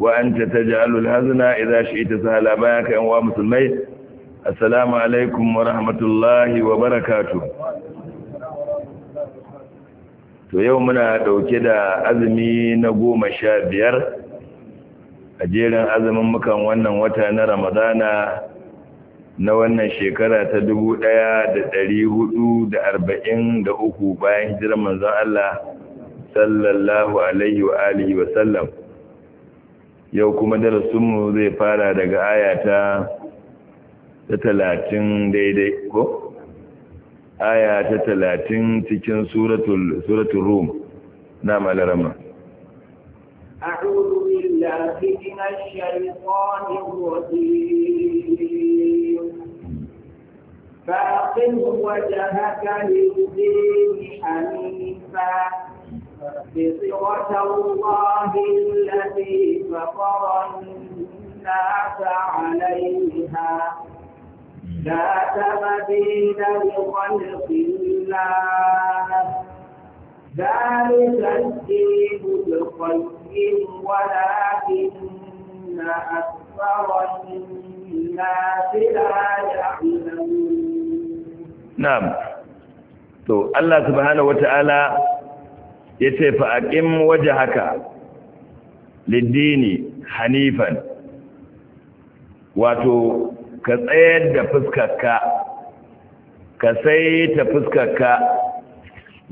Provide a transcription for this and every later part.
wa an ta taj'alul hazna idza ita sahala bayan ka yan wa musulmai assalamu alaikum wa rahmatullahi wa barakatu. to yau muna dauke da azumi na goma sha biyar a jerin azumin mukan wannan wata na ramadana na wannan shekara ta dubu ɗaya da hudu da arba'in arba'in uku bayan hijirar manzon Allah sallallahu alaihi wa alihi wa sallam yau kuma darasinmu zai fara daga ayata ta talatin daidai ko? aya ta talatin cikin suratul rum na malarama أعوذ بالله من الشيطان وجهك للدين حنيفا فطرة الله التي فطر الناس عليها لا تبديل لخلق الله ذلك الدين القيم ولكن أكثر الناس لا يعلمون نعم to Allah subhanahu wata'ala ya ce fa'aƙin waje haka liddini hanifan wato ka tsayar da fuskarka ka sai ta fuskarka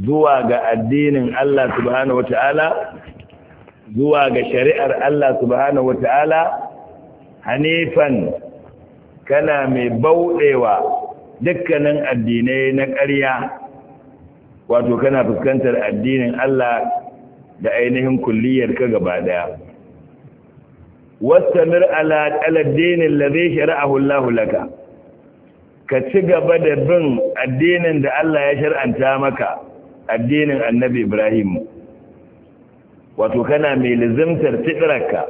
zuwa ga addinin Allah subhanahu wa ta'ala zuwa ga shari'ar Allah subhanahu wa ta'ala hanifan kana mai bauɗewa dukkanin addinai na ƙarya wato kana fuskantar addinin Allah da ainihin kulliyar ka gaba daya wastamir ala aladdinin ladhi shara'ahu Allah laka ka ci gaba da bin addinin da Allah ya shar'anta maka addinin Annabi Ibrahim wato kana mai lizimtar fitrarka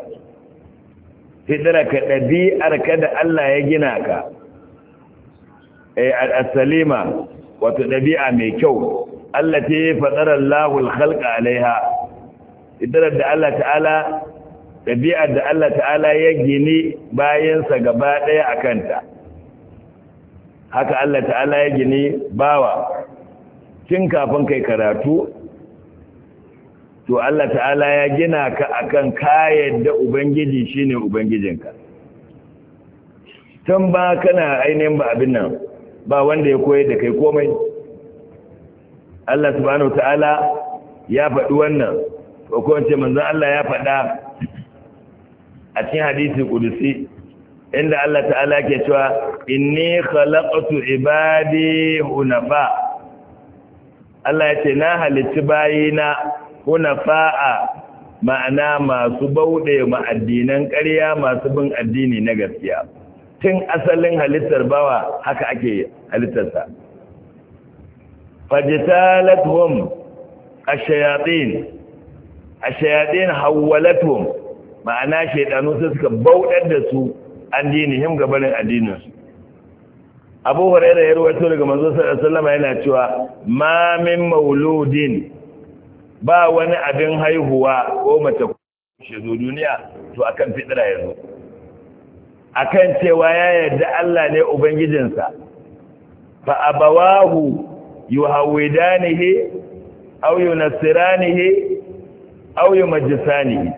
fitrarka ɗabi'arka da Allah ya gina ka eh al-salima wato ɗabi'a mai kyau allati fadara Allahu al-khalqa alaiha idarar da Allah ta'ala ɗabi'ar da Allah ta'ala ya gini bayansa gaba daya kanta, haka Allah ta'ala ya gini bawa Kin kafin kai karatu to Allah ta'ala ya gina ka akan kayan da ubangiji shine ubangijinka tun ba kana ainihin ba abin nan ba wanda ya koyar da kai komai Allah subhanahu ta'ala ya faɗi wannan ko kuma ce manzon Allah ya faɗa a cikin hadisi kudusi inda Allah ta'ala ke cewa inni khalaqtu ibadi hunafa Allah ya ce na halicci bayina hunafa'a ma'ana masu bauɗe ma addinan ƙarya masu bin addini na gaskiya tun asalin halittar bawa haka ake halittarsa fajtalathum ash a ash Hauwa hawwalathum ma'ana shaydanu sai suka bauɗar da su an dinihim gabanin addinin su Abu ya rawaito daga manzo sallallahu yana cewa mamin mauludin ba wani abin haihuwa ko mace shi zo duniya to akan fitira ya akan cewa ya yarda Allah ne ubangijinsa fa abawahu yuhawidanihi aw yunasiranihi aw yumajjisanihi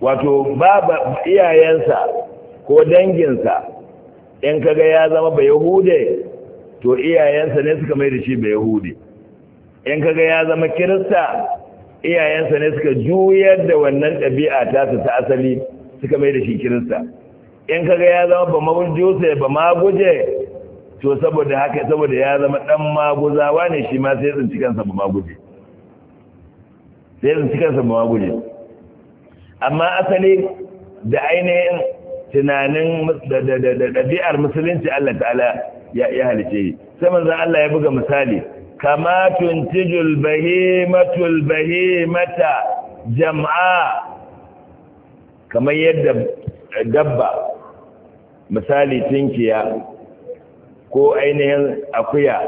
wato baba iyayensa ko danginsa in kaga ya zama ba yahude to iyayensa ne suka mai da shi ba yahude in kaga ya zama kirista iyayensa ne suka juyar da wannan ɗabi'a ta su ta asali suka mai da shi kirista in kaga ya zama ba sai ba maguje to saboda haka saboda ya zama dan maguzawa ne shi ma sai tsinci kansa ba maguje sai tsinci kansa ba maguje amma asali da ainihin tunanin da ɗabi'ar musulunci Allah ta'ala ya halice sai manzon Allah ya buga misali kama tuntijul bahimatul bahimata jam'a kamar yadda dabba misali tinkiya ko ainihin akuya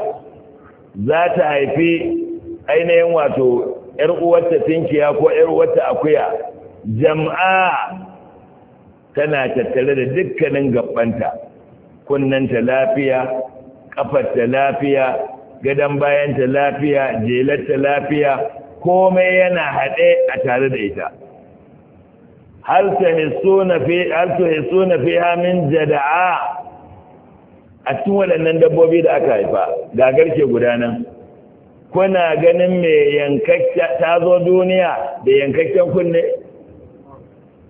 za ta haifi ainihin wato ‘yar uwarta tinkiya ko ‘yar uwarta akuya Jam'a tana tattare da dukkanin gabbanta kunnanta lafiya ƙafarta lafiya gadon bayanta lafiya jelarta lafiya komai yana haɗe a tare da ita Har ta hisso na fi hamin jada'a a cikin waɗannan dabbobi da aka haifa ga garke guda nan kuna ganin mai yankakken ta zo duniya da yankakken kunne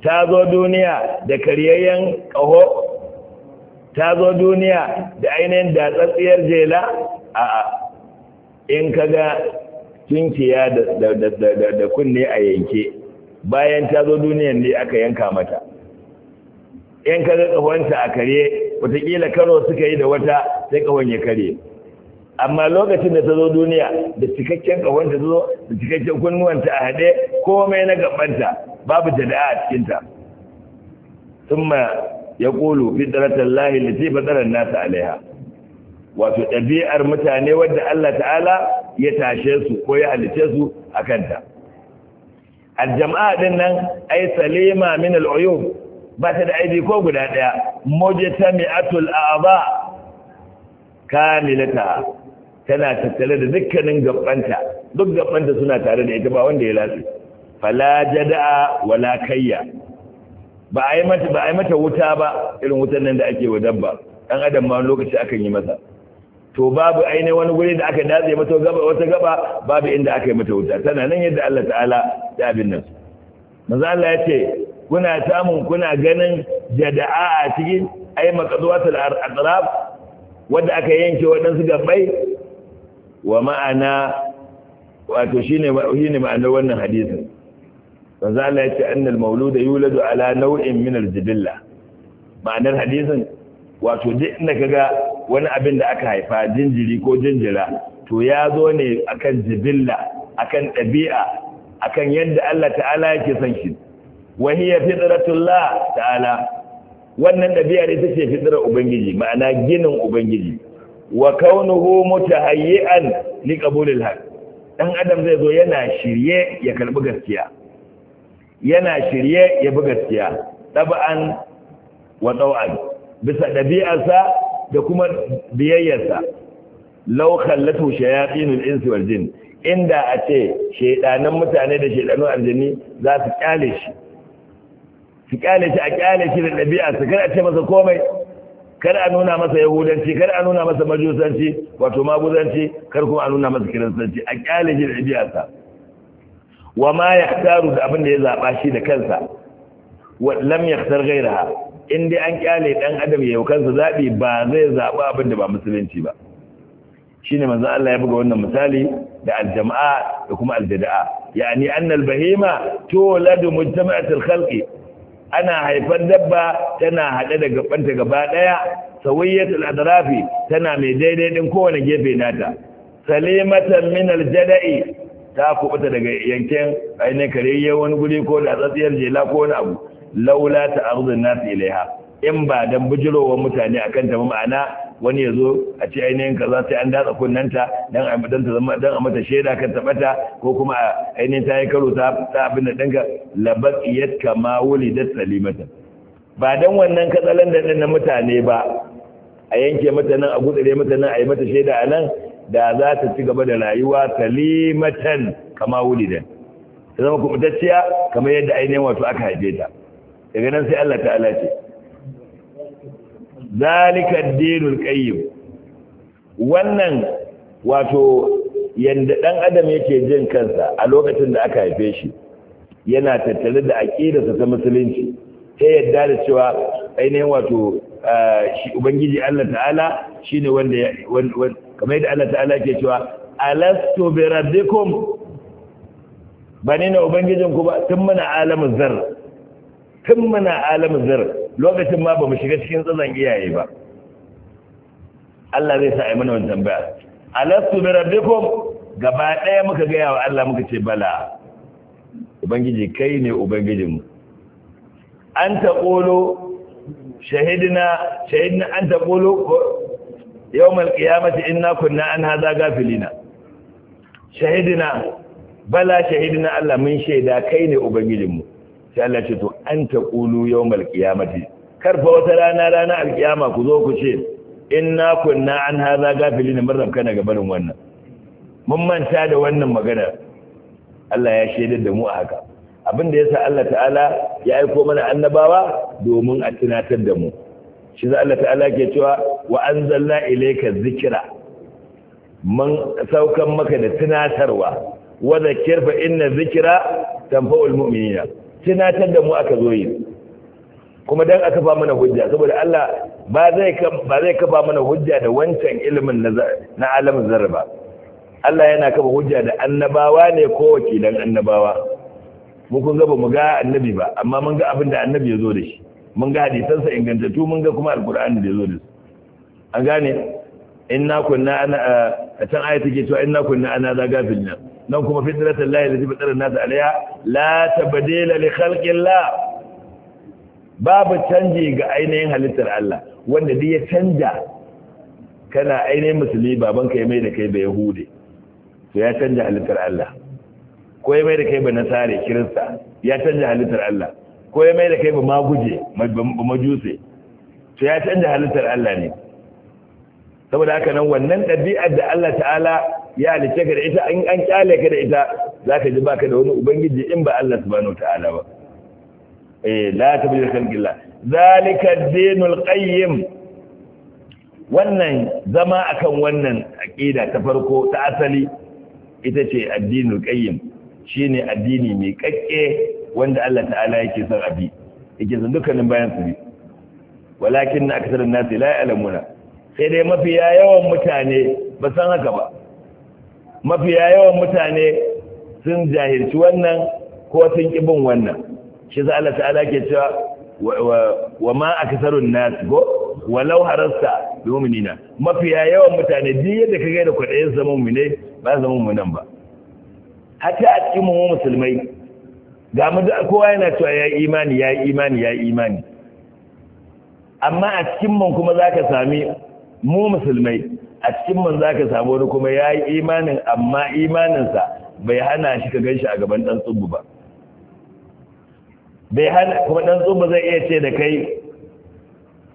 ta zo duniya da karyayyen ƙaho ta zo duniya da ainihin datsatsiyar jela a in ka ga tunkiya da kunne a yanke bayan ta zo duniyan ne aka yanka mata in ka zai ƙahonta a kare wataƙila karo suka yi da wata sai ƙahon ya kare amma lokacin da ta zo duniya da cikakken ƙahonta ta zo da cikakken kunnuwanta a haɗe komai na gabanta babu jada'a a cikinta sun ma ya ƙulu tsaratar lahi da tefa tsarar nasa alaiha wato ɗabi'ar mutane wadda Allah ta'ala ya tashe su ko ya halice su a kanta jama'a ɗin nan ai salima min al'uyub ba ta da aibi ko guda ɗaya mi'atul a'za kamilata tana tattare da dukkanin gabbanta duk gabbanta suna tare da ita ba wanda ya latsi fala jada'a wala kayya ba a yi mata ba a mata wuta ba irin wutan nan da ake wa dabba dan adam ma lokaci akan yi masa to babu aine wani guri da aka datse mata gaba wata gaba babu inda aka yi mata wuta tana nan yadda Allah ta'ala ya abin nan manzo Allah ya ce kuna samun kuna ganin jada'a a cikin ai maqadwatul atraf wanda aka yanke waɗansu gabbai wa ma'ana wato shine shine ma'anar wannan hadisin manzo Allah ya ce annal maulud yuladu ala naw'in min al-jibilla ma'anar hadisin wato duk inda kaga wani abin da aka haifa jinjiri ko jinjira to ya zo ne akan jibilla akan ɗabi'a akan yadda Allah ta'ala yake son shi wa hiya fitratullah ta'ala wannan dabi'a ne take fitrar ubangiji ma'ana ginin ubangiji wa kaunuhu mutahayyi'an li qabulil haqq dan adam zai zo yana shirye ya karbi gaskiya yana shirye ya bi gaskiya tab'an wa taw'an bisa dabi'arsa da kuma biyayyarsa law khallatu shayatinul ins wal jin inda a ce shedanan mutane da shedanun aljanni za su kyale shi su kyale shi a kyale shi da ɗabi'a su kada a ce masa komai kada a nuna masa yahudanci kada a nuna masa majusanci wato maguzanci kar kuma a nuna masa kiristanci a kyale shi da ɗabi'a sa wa ma ya taru da abin da ya zaɓa shi da kansa wa lam ya tsar gairaha in dai an kyale ɗan adam ya yi kansa zaɓi ba zai zaɓa abin da ba musulunci ba Shi ne manzo Allah ya buga wannan misali da aljama'a da kuma aljada'a yani anna albahima tuladu mujtama'at alkhalqi ana haifar dabba tana haɗe da gabanta gaba ɗaya sawayyatul adrafi tana mai daidai din kowane gefe nata salimatan min aljada'i ta kubuta daga yankin ainihin kariyar wani guri ko da tsatsiyar jela ko wani abu laula ta arzun nasu ilaiha in ba dan bujirowa mutane akan ta ma'ana wani ya zo a ce ainihin ka kaza sai an datsa kunnanta don a ta zama dan a mata shaida kan tabata ko kuma ainihin ta yi karo ta abin da danka iyat, kama da salimata ba dan wannan katsalan da na mutane ba a yanke mata nan a gutsire mata nan a yi mata shaida a nan da za ta ci gaba da rayuwa salimatan kama wulidan ta zama kuma kubutacciya kamar yadda ainihin wato aka haife ta daga nan sai Allah ta'ala ce zalika ad-dinul wannan wato yanda dan adam yake jin kansa a lokacin da aka haife shi yana tattare da aqidarsa ta musulunci ta yadda da cewa ainihin wato shi ubangiji Allah ta'ala shine wanda kamar yadda Allah ta'ala ke cewa alastu bi rabbikum bane na ubangijin ku ba tun muna alamin zar tun muna alamin zar lokacin ma ba mu shiga cikin tsazan iyaye ba Allah zai sa a yi mana wani tambaya alastu bi rabbikum gaba ɗaya muka gaya wa Allah muka ce bala ubangiji kai ne mu? an ta ƙolo shahidina shahidina an ta ƙolo yau malƙiyamata inna kunna an haza gafilina shahidina bala shahidina Allah mun shaida kai ne ubangijinmu sai Allah ce to an taqulu yawmal qiyamati karfa wata rana rana alkiyama ku zo ku ce inna kunna an hadha gafilin mun rabka daga barin wannan mun manta da wannan magana Allah ya shaidar da mu a haka abinda yasa Allah ta'ala ya aiko mana annabawa domin a tunatar da mu shi za Allah ta'ala ke cewa wa anzalna ilayka dhikra mun saukan maka da tunatarwa wa dhakir fa inna dhikra tanfa'ul mu'minina tunatar da mu aka zo yi kuma dan aka fa mana hujja saboda Allah ba zai ba zai kafa mana hujja da wancan ilimin na na alamin Allah yana kafa hujja da annabawa ne ko wakilan annabawa mu kun ga ba mu ga annabi ba amma mun ga abin da annabi ya zo da shi mun ga hadisansa ingantattu mun ga kuma alkur'ani da ya zo da su an gane inna kunna ana a can aya take cewa inna kunna ana za gafil nan nan kuma fitratan lahi zai fitran nas alaiha la tabdila li khalqillah babu canji ga ainihin halittar Allah wanda duk ya canja kana ainihin musulmi baban kai mai da kai ba yahude to ya canja halittar Allah ko ya mai da kai ba nasare kirista ya canja halittar Allah ko ya mai da kai ba maguje ba majuse to ya canja halittar Allah ne saboda haka nan wannan ɗabi'ar da Allah ta'ala ya halice ka da ita in an kyale ka da ita za ka ji baka da wani ubangiji in ba Allah subhanahu wataala ba eh la tabil khalqilla zalika dinul qayyim wannan zama akan wannan aqida ta farko ta asali ita ce addinul qayyim shine addini mai kakke wanda Allah ta'ala yake son abi yake son dukkanin bayan su bi walakin aktharun nasi la ya'lamuna sai dai mafi yawan mutane ba san haka ba mafiya yawan mutane sun jahilci wannan ko sun ƙi bin wannan shi za Allah ta'ala ke cewa wa ma akasarun nas go walau harasta bi mu'minina mafiya yawan mutane duk yadda ka ga da kwadayin zaman mu ne ba zaman mu nan ba hatta a cikin mu musulmai ga mu da kowa yana cewa ya imani ya imani ya imani amma a cikin mu kuma zaka sami mu musulmai a cikin man za ka samu wani kuma yayi yi imanin amma imaninsa bai hana shi ka ganshi a gaban ɗan tsubu ba bai hana kuma ɗan tsubu zai iya ce da kai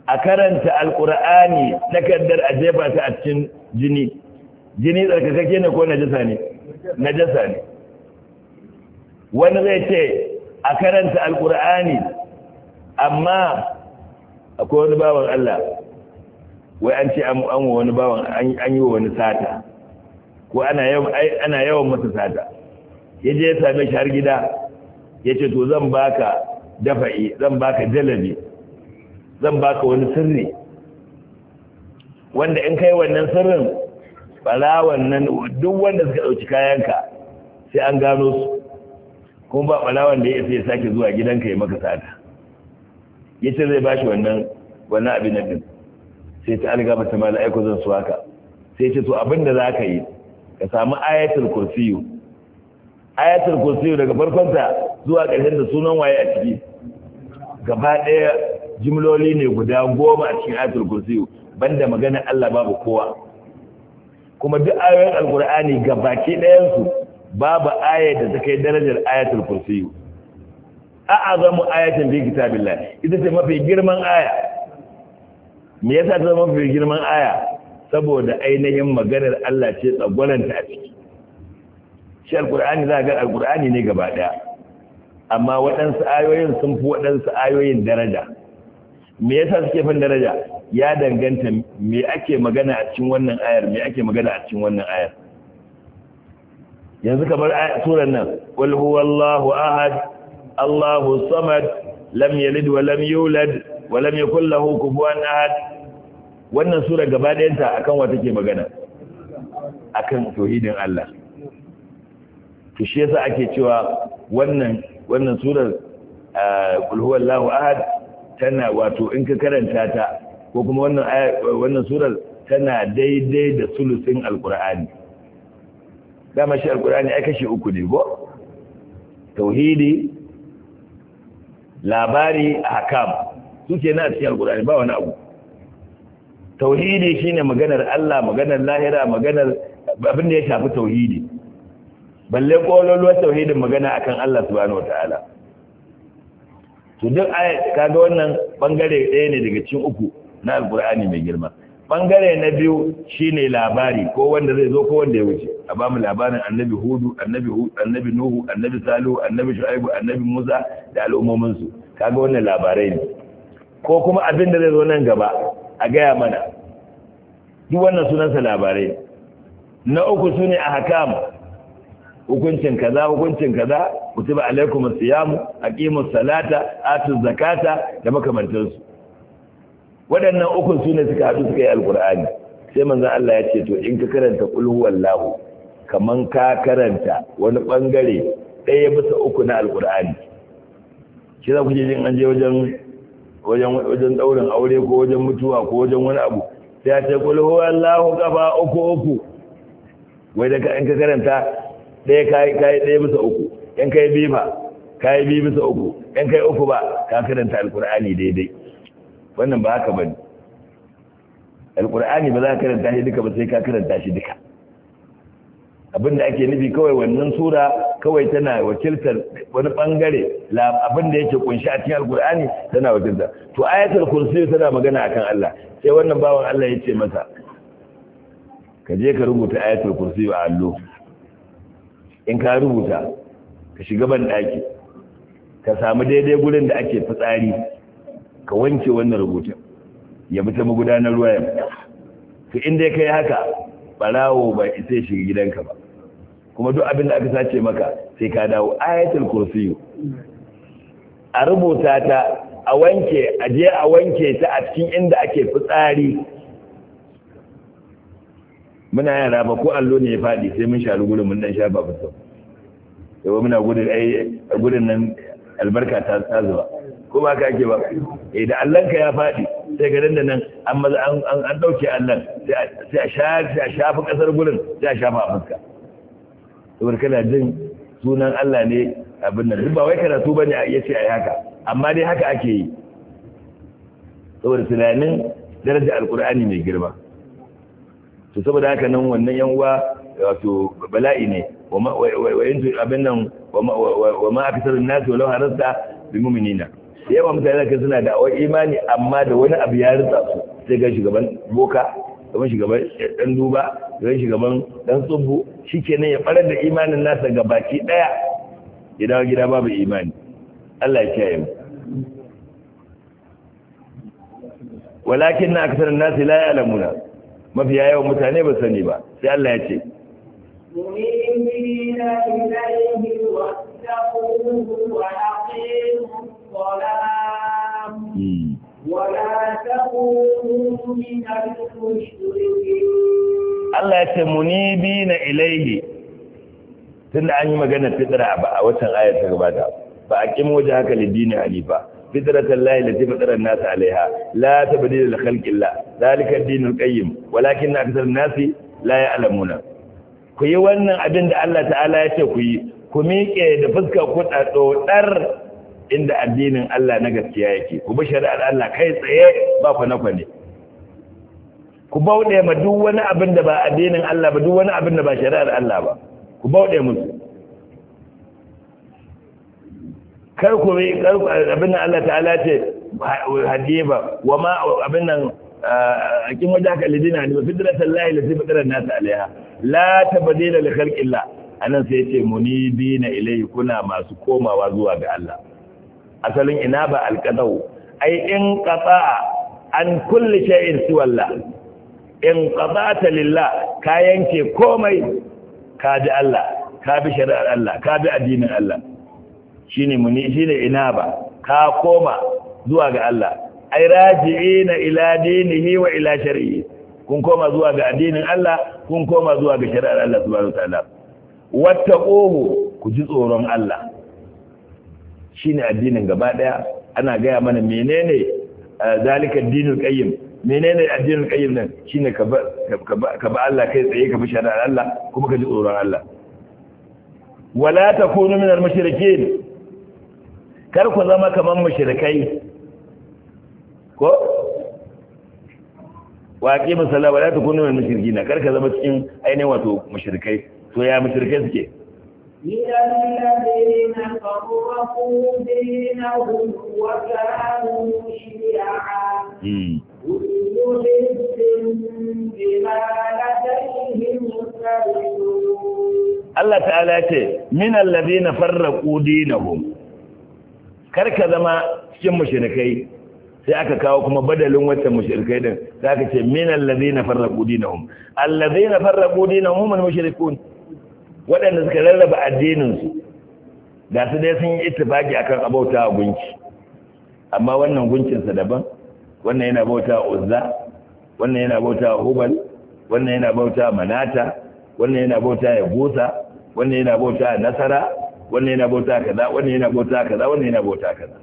a karanta alqur'ani takardar a jefa ta a cikin jini jini tsarkakake ne ko najasa ne najasa ne wani zai ce a karanta alkur'ani amma akwai wani bawan Allah wai an ce an wa wani bawan an yi wa wani sata ko ana yawan masa sata ya je ya same shi har gida ya ce to zan baka dafa'i zan baka jalabi zan baka wani sirri wanda in kai wannan sirrin bala wannan duk wanda suka ɗauki kayanka sai an gano su kuma ba bala wanda ya sai sake zuwa gidanka ya maka sata ya ce zai bashi wannan wannan abin nan sai ta alga mata mala'iku zan su haka sai ce to abin da za ka yi ka samu ayatul kursi ayatul kursi daga farkonta zuwa ƙarshen da sunan waye a ciki gaba ɗaya jimloli ne guda goma a cikin ayatul kursi banda magana Allah babu kowa kuma duk ayoyin ga gabaki ɗayansu babu aya da ta darajar ayatul kursi a azamu ayatin bi kitabillah ita ce mafi girman aya me yasa ta zama mafi girman aya saboda ainihin maganar Allah ce tsagwaranta a ciki shi alkur'ani za a ga alkur'ani ne gaba ɗaya amma waɗansu ayoyin sun fi waɗansu ayoyin daraja me yasa suke fin daraja ya danganta me ake magana a cikin wannan ayar me ake magana a cikin wannan ayar yanzu kamar suran nan qul huwallahu ahad allahu samad lam yalid wa yulad wa lam yakul lahu kufuwan ahad wannan sura gaba ɗayanta akan wata ke magana akan tauhidin Allah to shi yasa ake cewa wannan wannan surar eh, qul huwallahu ahad tana wato in ka karanta ta ko kuma wannan surar tana daidai da sulusin alqur'ani dama shi alqur'ani ai kashi uku ne ko tauhidi labari ahkam suke na cikin alqur'ani ba wani abu tauhidi shine maganar Allah maganar lahira maganar abin da ya shafi tauhidi balle kololuwar tauhidin magana akan Allah subhanahu wataala to duk kaga wannan bangare ɗaya ne daga cikin uku na alkur'ani mai girma bangare na biyu shine labari ko wanda zai zo ko wanda ya wuce a ba mu labarin annabi hudu annabi annabi nuhu annabi salihu annabi shu'aibu annabi musa da al'ummomin su kaga wannan labarai ne ko kuma abin da zai zo nan gaba a gaya mana duk wannan sunansa labarai na uku su ne a hakam hukuncin kaza hukuncin kaza kutuba alaikum siyamu aqimus salata atu zakata da makamantansu waɗannan uku su ne suka haɗu suka yi alkur'ani sai manzan Allah ya ce to in ka karanta ƙulhu wallahu kaman ka karanta wani bangare ɗaya bisa uku na alkur'ani shi za ku je jin an je wajen wajen daurin aure ko wajen mutuwa ko wajen wani abu sai ya ce kul wallahu kafa uku uku wai da in ka karanta ɗaya kai kai ɗaya bisa uku in kai bi ba kai bi bisa uku in kai uku ba ka karanta alqur'ani daidai wannan ba haka bane alqur'ani ba za ka karanta shi duka ba sai ka karanta shi duka abinda ake nufi kawai wannan sura kawai tana wakiltar wani bangare abinda yake kunshi a cikin alkur'ani tana wakiltar to ayatul kursi tana magana akan Allah sai wannan bawan Allah ya ce masa ka je ka rubuta ayatul kursi a allo in ka rubuta ka shiga ban daki ka samu daidai gurin da ake fitsari ka wanke wannan rubutun ya bi ta magudanar ruwa ya to in dai kai haka barawo ba isa shiga gidanka ba kuma duk abin da aka sace maka sai ka dawo ayatul kursiyu a rubuta ta a wanke a je a wanke ta a cikin inda ake fitsari muna yara ba ko allo ne ya faɗi sai mun sharu gurin mun dan shafa fito yau muna gudun ai gudun nan albarka ta tsazuwa ko ba ka ake ba eh da allon ka ya faɗi sai ga danda nan an maza an dauke allon sai a shafi kasar gurin sai a shafa a fuska saboda kana jin sunan Allah ne abin nan ba wai karatu bane a iya ce ai haka amma dai haka ake yi saboda tunanin daraja alkur'ani mai girma to saboda haka nan wannan yan uwa wato bala'i ne wa ma abin nan wa ma aksaru nasu walau harasta bi mu'minina yawa mutane kan suna da imani amma da wani abu ya rasa su sai ga shugaban boka gaban shugaban eh, dan duba gaban shugaban dan tsubu shikenan ya farar da imanin nasa ga baki daya ya dawo gida babu imani Allah ya kiyaye mu walakin na aksar nasi la ya'lamuna mafiya yawa mutane ba sani ba sai Allah ya ce منين إليه واتقوه وأقيموا الصلاة ولا تكونوا من المشركين الله يتمني بين إليه tunda an yi maganar fitra ba a watan ayar ta gabata ba a kin waje haka lidini hanifa fitratan lahi lati fitran nas alaiha la tabdila li khalqillah zalika ad-dinul qayyim walakin na aktharun nasi la ya'lamuna ku yi wannan abin da Allah ta'ala ya ce ku yi ku miƙe da fuska ku ɗaɗo inda addinin Allah na gaskiya yake ku bi shari'ar Allah kai tsaye ba na kwane ku bauɗe ma duk wani abin da ba addinin Allah ba duk wani abin da ba shari'ar Allah ba ku bauɗe musu kar ku yi abin da Allah ta'ala ce hadiba wa ma abin nan a kin waje haka lidina ne fitratan lahi lati fitran nas alaiha la tabdila li khalqillah anan sai ya bi na ilayhi kuna masu komawa zuwa ga Allah asalin ina ba alqadau ai in qata'a an kulli shay'in siwalla in qata'ta lillah ka yanke komai ka bi Allah ka bi shari'ar Allah ka bi addinin Allah shine muni ne ina ba ka koma zuwa ga Allah ai na ila dinihi wa ila shari'i. kun koma zuwa ga addinin Allah kun koma zuwa ga shari'ar Allah subhanahu wataala wattaquhu ku ji tsoron Allah shine addinin gaba daya ana gaya mana menene eh, zalika dinul qayyim menene addinul qayyim nan shine ka ka ba Allah kai tsaye ka bi da Allah kuma ka ji tsoron Allah wala takunu minal mushrikeen kar ku zama kaman mushrikai ko waƙi musalla wala za ta kunu Kar ka zama cikin ainihin wato mushrikai to ya mushrikai suke إلى الذين فرقوا دينهم وكانوا Allah ta'ala ce, Min allazi na farraku Kar ka zama cikin mashirikai sai aka kawo kuma badalin wancan mashirikai din, sai aka ce, Min allazi na na dinahum, allazi na farraku dinahum mun mashirikun. waɗanda suka rarraba addininsu da su dai sun yi ittifaki akan abauta gunki amma wannan gunkinsa daban wannan yana bauta uzza wannan yana bauta hubal wannan yana bauta manata wannan yana bauta ya gusa wannan yana bauta nasara wannan yana bauta kaza wannan yana bauta kaza wannan yana bauta kaza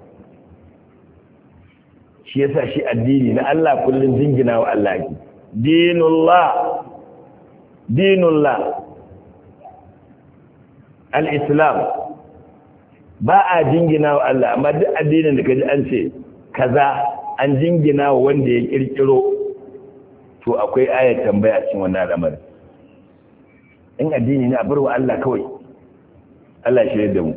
shi yasa shi addini na Allah kullun jingina wa Allah ki dinullah dinullah al-islam ba a jingina wa Allah amma duk addinin da kaji an ce kaza an jingina wa wanda ya kirkiro to akwai ayat tambaya cikin wannan al'amari in addini ne a barwa Allah kawai Allah shi da mu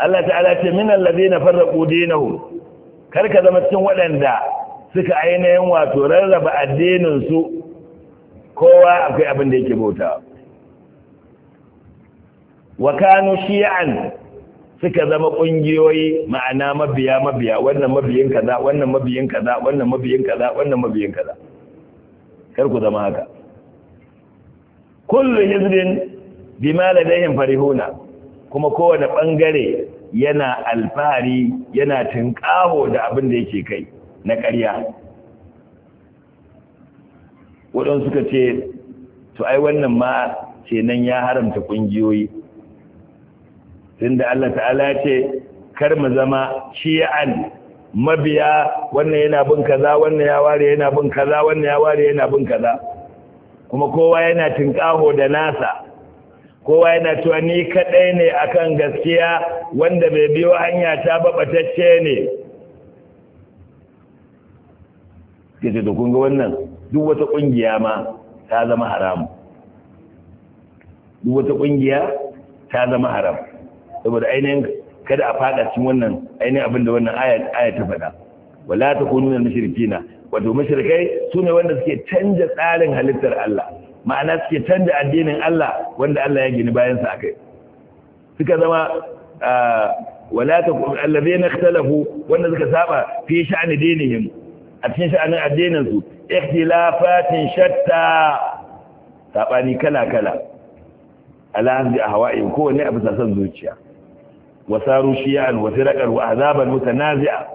Allah ta'ala ce min allazina farraqu dinahum kar ka zama cikin waɗanda suka ainihin wato rarraba addinin su kowa akwai abin da yake bautawa wa kanu shi'an suka zama kungiyoyi ma'ana mabiya mabiya wannan mabiyin kaza wannan mabiyin kaza wannan mabiyin kaza wannan mabiyin kaza kar ku zama haka kullu hizbin bima ladayhim farihuna kuma kowane bangare yana alfahari yana tinkaho da abin da yake kai na ƙarya waɗansu suka ce to ai wannan ma ce nan ya haramta ƙungiyoyi tunda Allah ta'ala ya ce kar mu zama shi'an mabiya wannan yana bin kaza wannan ya ware yana bin kaza wannan ya ware yana bin kaza kuma kowa yana tinkaho da nasa kowa yana cewa ni kadai ne akan gaskiya wanda bai biyo hanya ta babatacce ne kace to kun ga wannan duk wata kungiya ma ta zama haramu duk wata kungiya ta zama haram saboda ainihin kada a fada cikin wannan ainihin abin da wannan aya ta faɗa wala takunu minal mushrikina wato mushrikai ne wanda suke canja tsarin halittar Allah ma'ana suke canja addinin Allah wanda Allah ya gini bayan sa akai suka zama wala allabe na ikhtalafu wanda suka saba fi sha'ani dinihim a cikin sha'anin addinin su ikhtilafatin shatta sabani kala kala ala a ahwa'in kowanne a bisa son zuciya wasaru saru shi'an wa firqan wa azaban mutanazi'a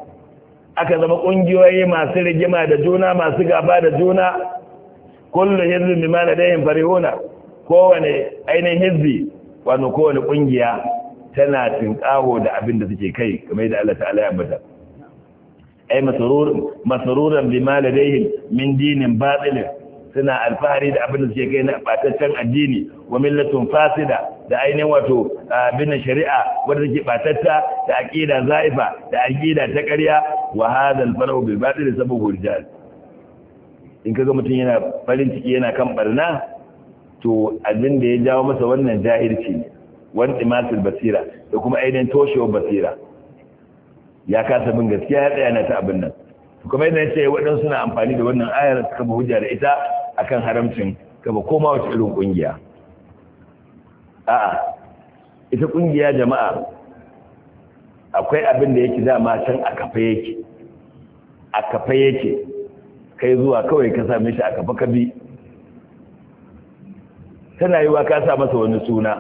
aka zama kungiyoyi masu rigima da juna masu gaba da juna kullu hizbin bima ladayhim farihuna kowane ainihin hizbi wato kowane kungiya tana tinkaho da abin da suke kai kamar da Allah ta'ala ya ambata ay masrur masruran bima ladayhim min dinin batilin suna alfahari da abin da suke kai na bataccen addini wa millatun fasida da ainihin wato abin shari'a wanda take batatta da aqida za'ifa da aqida ta ƙarya wa hadha al-farq bil batil sababu rijal in kaga mutum yana farin ciki yana kan barna to abin da ya jawo masa wannan jahilci wani timatul basira da kuma ainihin toshewar basira ya kasa bin gaskiya ya tsaya na ta abin nan kuma yana ce waɗansu suna amfani da wannan ayar ta bi hujja da ita akan haramcin kaba koma wata irin kungiya a'a ita kungiya jama'a akwai abin da yake dama can a kafa yake a kafa yake kai zuwa kawai ka same shi a kafa ka bi tana wa ka sa masa wani suna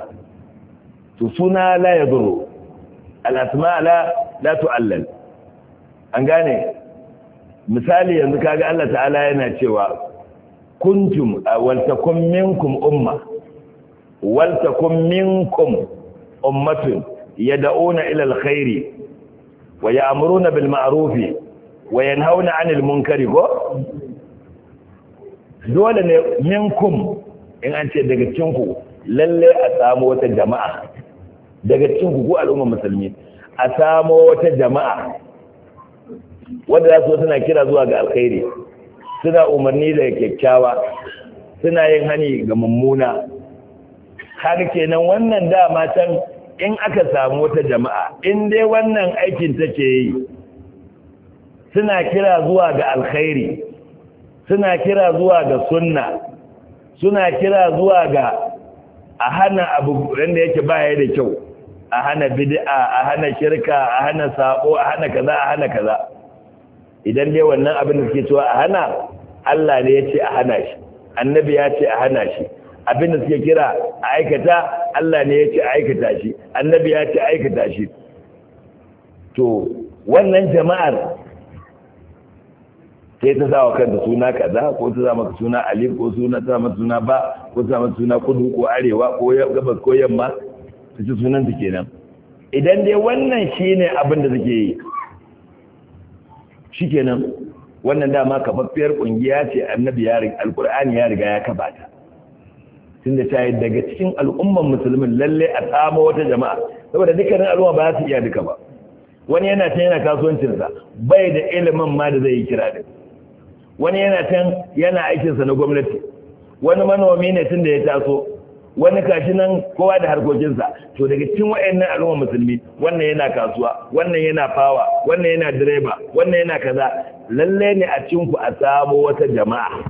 to suna la ya zuru al'asma la la tu'allal an gane misali yanzu kaga Allah ta'ala yana cewa kuntum waltakun minkum umma waltakun minkum ummatun yad'una ila alkhairi wa ya'muruna bil ma'ruf wa yanhauna 'anil munkari ko dole ne minkum in an ce daga cinku lalle a samu wata jama'a daga cinku ko al'umma musulmi a samu wata jama'a wanda za su suna kira zuwa ga alkhairi suna umarni da kyakkyawa suna yin hani ga mummuna har kenan wannan dama can in aka samu wata jama'a in dai wannan aikin take yi suna kira zuwa ga alkhairi suna kira zuwa ga sunna suna kira zuwa ga a hana abu wanda yake baya da kyau a hana bid'a a hana shirka a hana sabo a hana kaza a hana kaza idan dai wannan abin da suke cewa a hana Allah ne ya ce a hana shi annabi ya ce a hana shi abinda suke kira a aikata Allah ne ya ce a aikata shi annabi ya ce a aikata shi to wannan jama'ar sai ta sa wa kanta suna kaza ko ta sa maka suna alif ko suna ta sa suna ba ko ta maka suna kudu ko arewa ko gabas ko yamma ta ci sunan ta kenan idan dai wannan shine abin da take yi shi kenan wannan dama kafaffiyar kungiya ce annabi ya riga alqur'ani ya riga ya kabata tunda ta yi daga cikin al'umman musulmin lalle a tsama wata jama'a saboda dukkanin al'umma ba za su iya duka ba wani yana can yana kasuwancinsa bai da ilimin ma da zai yi kira din wani yana can yana aikinsa na gwamnati wani manomi ne tun da ya taso wani kashi nan kowa da harkokinsa to daga cikin wayannan al'umma musulmi wannan yana kasuwa wannan yana fawa wannan yana direba wannan yana kaza lalle ne a cinku a samo wata jama'a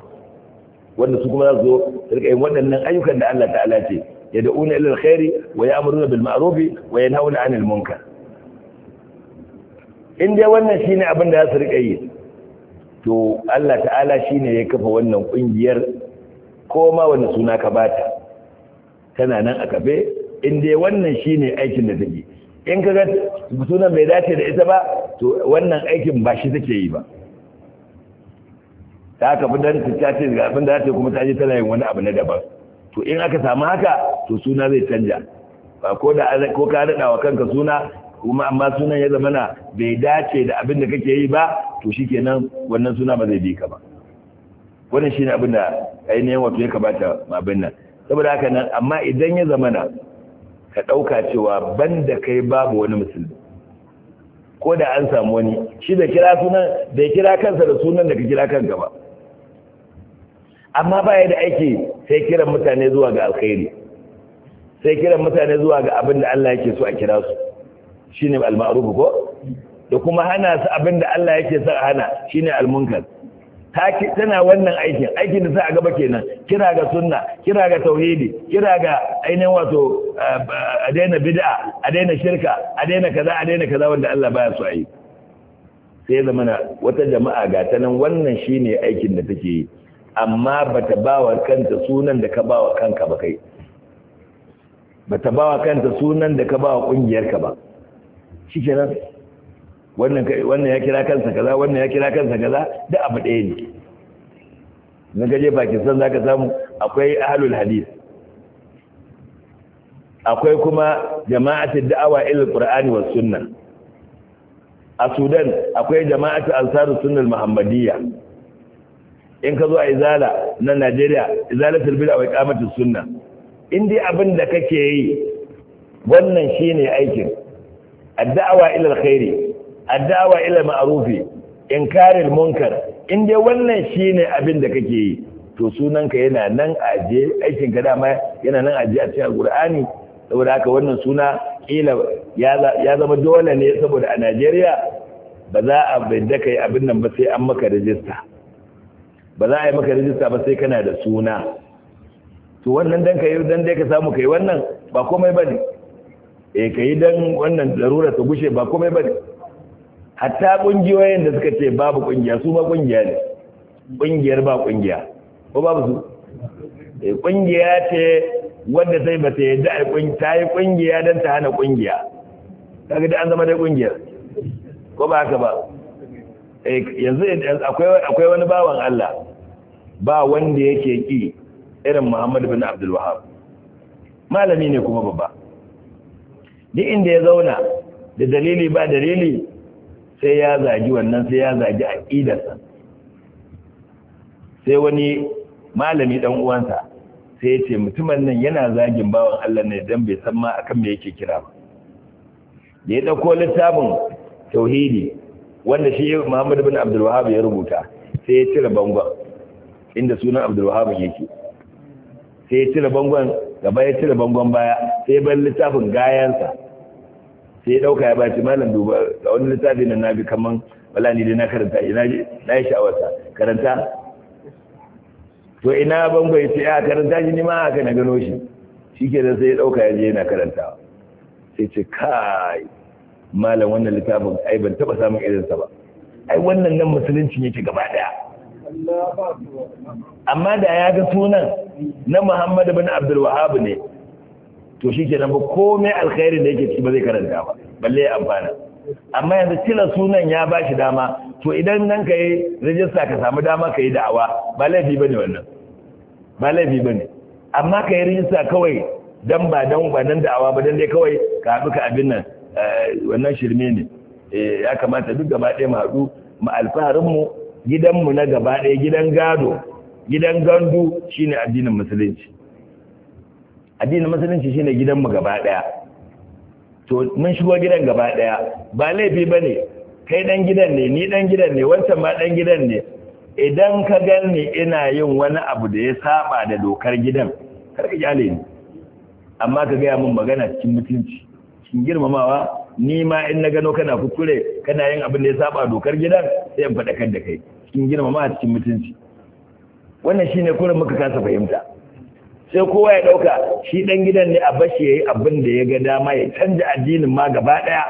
wanda su kuma za su rika yin waɗannan ayyukan da Allah ta'ala ce ya da'una ilal khairi wa ya'muruna bil ma'ruf wa yanhauna 'anil munkar in dai wannan shine abin da za su rika yi to Allah ta'ala shine ya kafa wannan kungiyar ko ma wani suna ka bata tana nan a kafe in dai wannan shine aikin da take in kaga sunan bai dace da ita ba to wannan aikin ba shi take yi ba ta aka fi dan ta ce ga abin da ta kuma ta ji tana yin wani abu na daban to in aka samu haka to suna zai canja ba ko da ko ka daɗa wa kanka suna kuma amma sunan ya zama na bai dace da abin da kake yi ba to shikenan wannan suna ba zai bi ka ba wannan shine abin da ainihin wato ya kamata abin nan saboda haka nan amma idan ya zama na ka ɗauka cewa banda kai babu wani musulmi ko da an samu wani shi da kira sunan da kira kansa da sunan da ka kira kanka ba amma baya da aiki sai kiran mutane zuwa ga alkhairi sai kiran mutane zuwa ga abin da Allah yake so a kira su shine al-ma'ruf ko da kuma hana su abin da Allah yake so a hana shine al-munkar tana wannan aikin aikin da za a gaba kenan kira ga sunna kira ga tauhidi kira ga ainihin wato a daina bid'a a daina shirka a daina kaza a daina kaza wanda Allah baya so a yi sai zamana wata jama'a ga ta nan wannan shine aikin da take yi amma bata bawa kanta sunan da ka bawa kanka ba kai bata bawa kanta sunan da ka bawa kungiyarka ba shikenan wannan wannan ya kira kansa kaza wannan ya kira kansa kaza da abu ɗaya ne na gaje za zaka samu akwai ahlul hadith akwai kuma jama'atul da'awa ila alqur'ani was sunnah a Sudan akwai jama'atul ansarus sunnah muhammadiyya in ka zo a izala na Najeriya izalatul bid'a wa iqamatus sunna in dai abin da kake yi wannan shine aikin addawa ila alkhairi addawa ila ma'rufi inkaril munkar in dai wannan shine abin da kake yi to sunanka yana nan aje aikin ka dama yana nan aje a cikin alqur'ani saboda haka wannan suna kila ya zama dole ne saboda a Najeriya ba za a bai da kai abin nan ba sai an maka rajista ba za a yi maka rijista ba sai kana da suna to wannan dan kai dan dai ka samu kai wannan ba komai bane eh kai dan wannan darura ta gushe ba komai bane hatta kungiyoyin da suka ce babu kungiya su ba kungiya ne kungiyar ba kungiya ko babu su eh kungiya ce wanda sai ba ta yadda ai ta yi kungiya dan ta hana kungiya kaga dai an zama dai kungiya ko ba haka ba Eh, yanzu akwai wani bawan Allah ba wanda yake ki irin Muhammad bin Abdul Wahab malami ne kuma babba duk inda ya zauna da dalili ba dalili sai ya zagi wannan sai ya zagi aqidarsa sai wani malami dan uwansa sai ya ce mutumin nan yana zagin bawan Allah ne dan bai san ma akan me yake kira ba da ya dauko littafin tauhidi wanda shi Muhammad bin Abdul Wahhab ya rubuta sai ya cire bangon inda sunan Abdul Wahhab yake sai ya cire bangon gaba ya cire bangon baya sai ya bar littafin gayansa sai ya dauka ya baci malam duba da wani littafi nan nabi kaman wala ni dai na karanta ina na yi sha'awarsa karanta to ina bangon ya ce a ah, karanta shi ni ma haka na gano shi shi ke sai ya dauka ya je yana karantawa sai ce kai malam wannan littafin ai ban taba samun sa ba ai wannan nan musulunci yake gaba daya amma da ya ga sunan na Muhammad bin Abdul Wahhab ne to shikenan ba komai alkhairi da yake ciki ba zai karanta ba balle ya amfana amma yanzu cila sunan ya ba shi dama to idan nan ka yi rajista ka samu dama ka yi da'awa ba laifi ba ne wannan ba laifi ba ne amma ka yi rajista kawai dan ba dan ba dan da'awa ba dan dai kawai ka haɗu ka abin nan Eh, wannan shirme ne eh, ya kamata duk gaba ɗaya mu haɗu mu alfaharinmu gidanmu na gaba ɗaya gidan gado gidan gandu shine addinin musulunci addinin musulunci shine gidanmu gaba ɗaya to mun shigo gidan gaba ɗaya ba laifi ba ne, kai ɗan gidan ne ni ɗan gidan ne wancan ma ɗan gidan ne idan ka ganni ina yin wani abu da ya saba da dokar gidan kar ka kyale ni amma ka gaya min magana cikin mutunci girmamawa ni ma in na gano kana kuskure kana yin abin da ya saba dokar gidan sai in faɗakar da kai cikin girmamawa cikin mutunci wannan shine kurin muka kasa fahimta sai kowa ya ɗauka shi ɗan gidan ne a bashi ya abin da ya ga dama ya canja addinin ma gaba ɗaya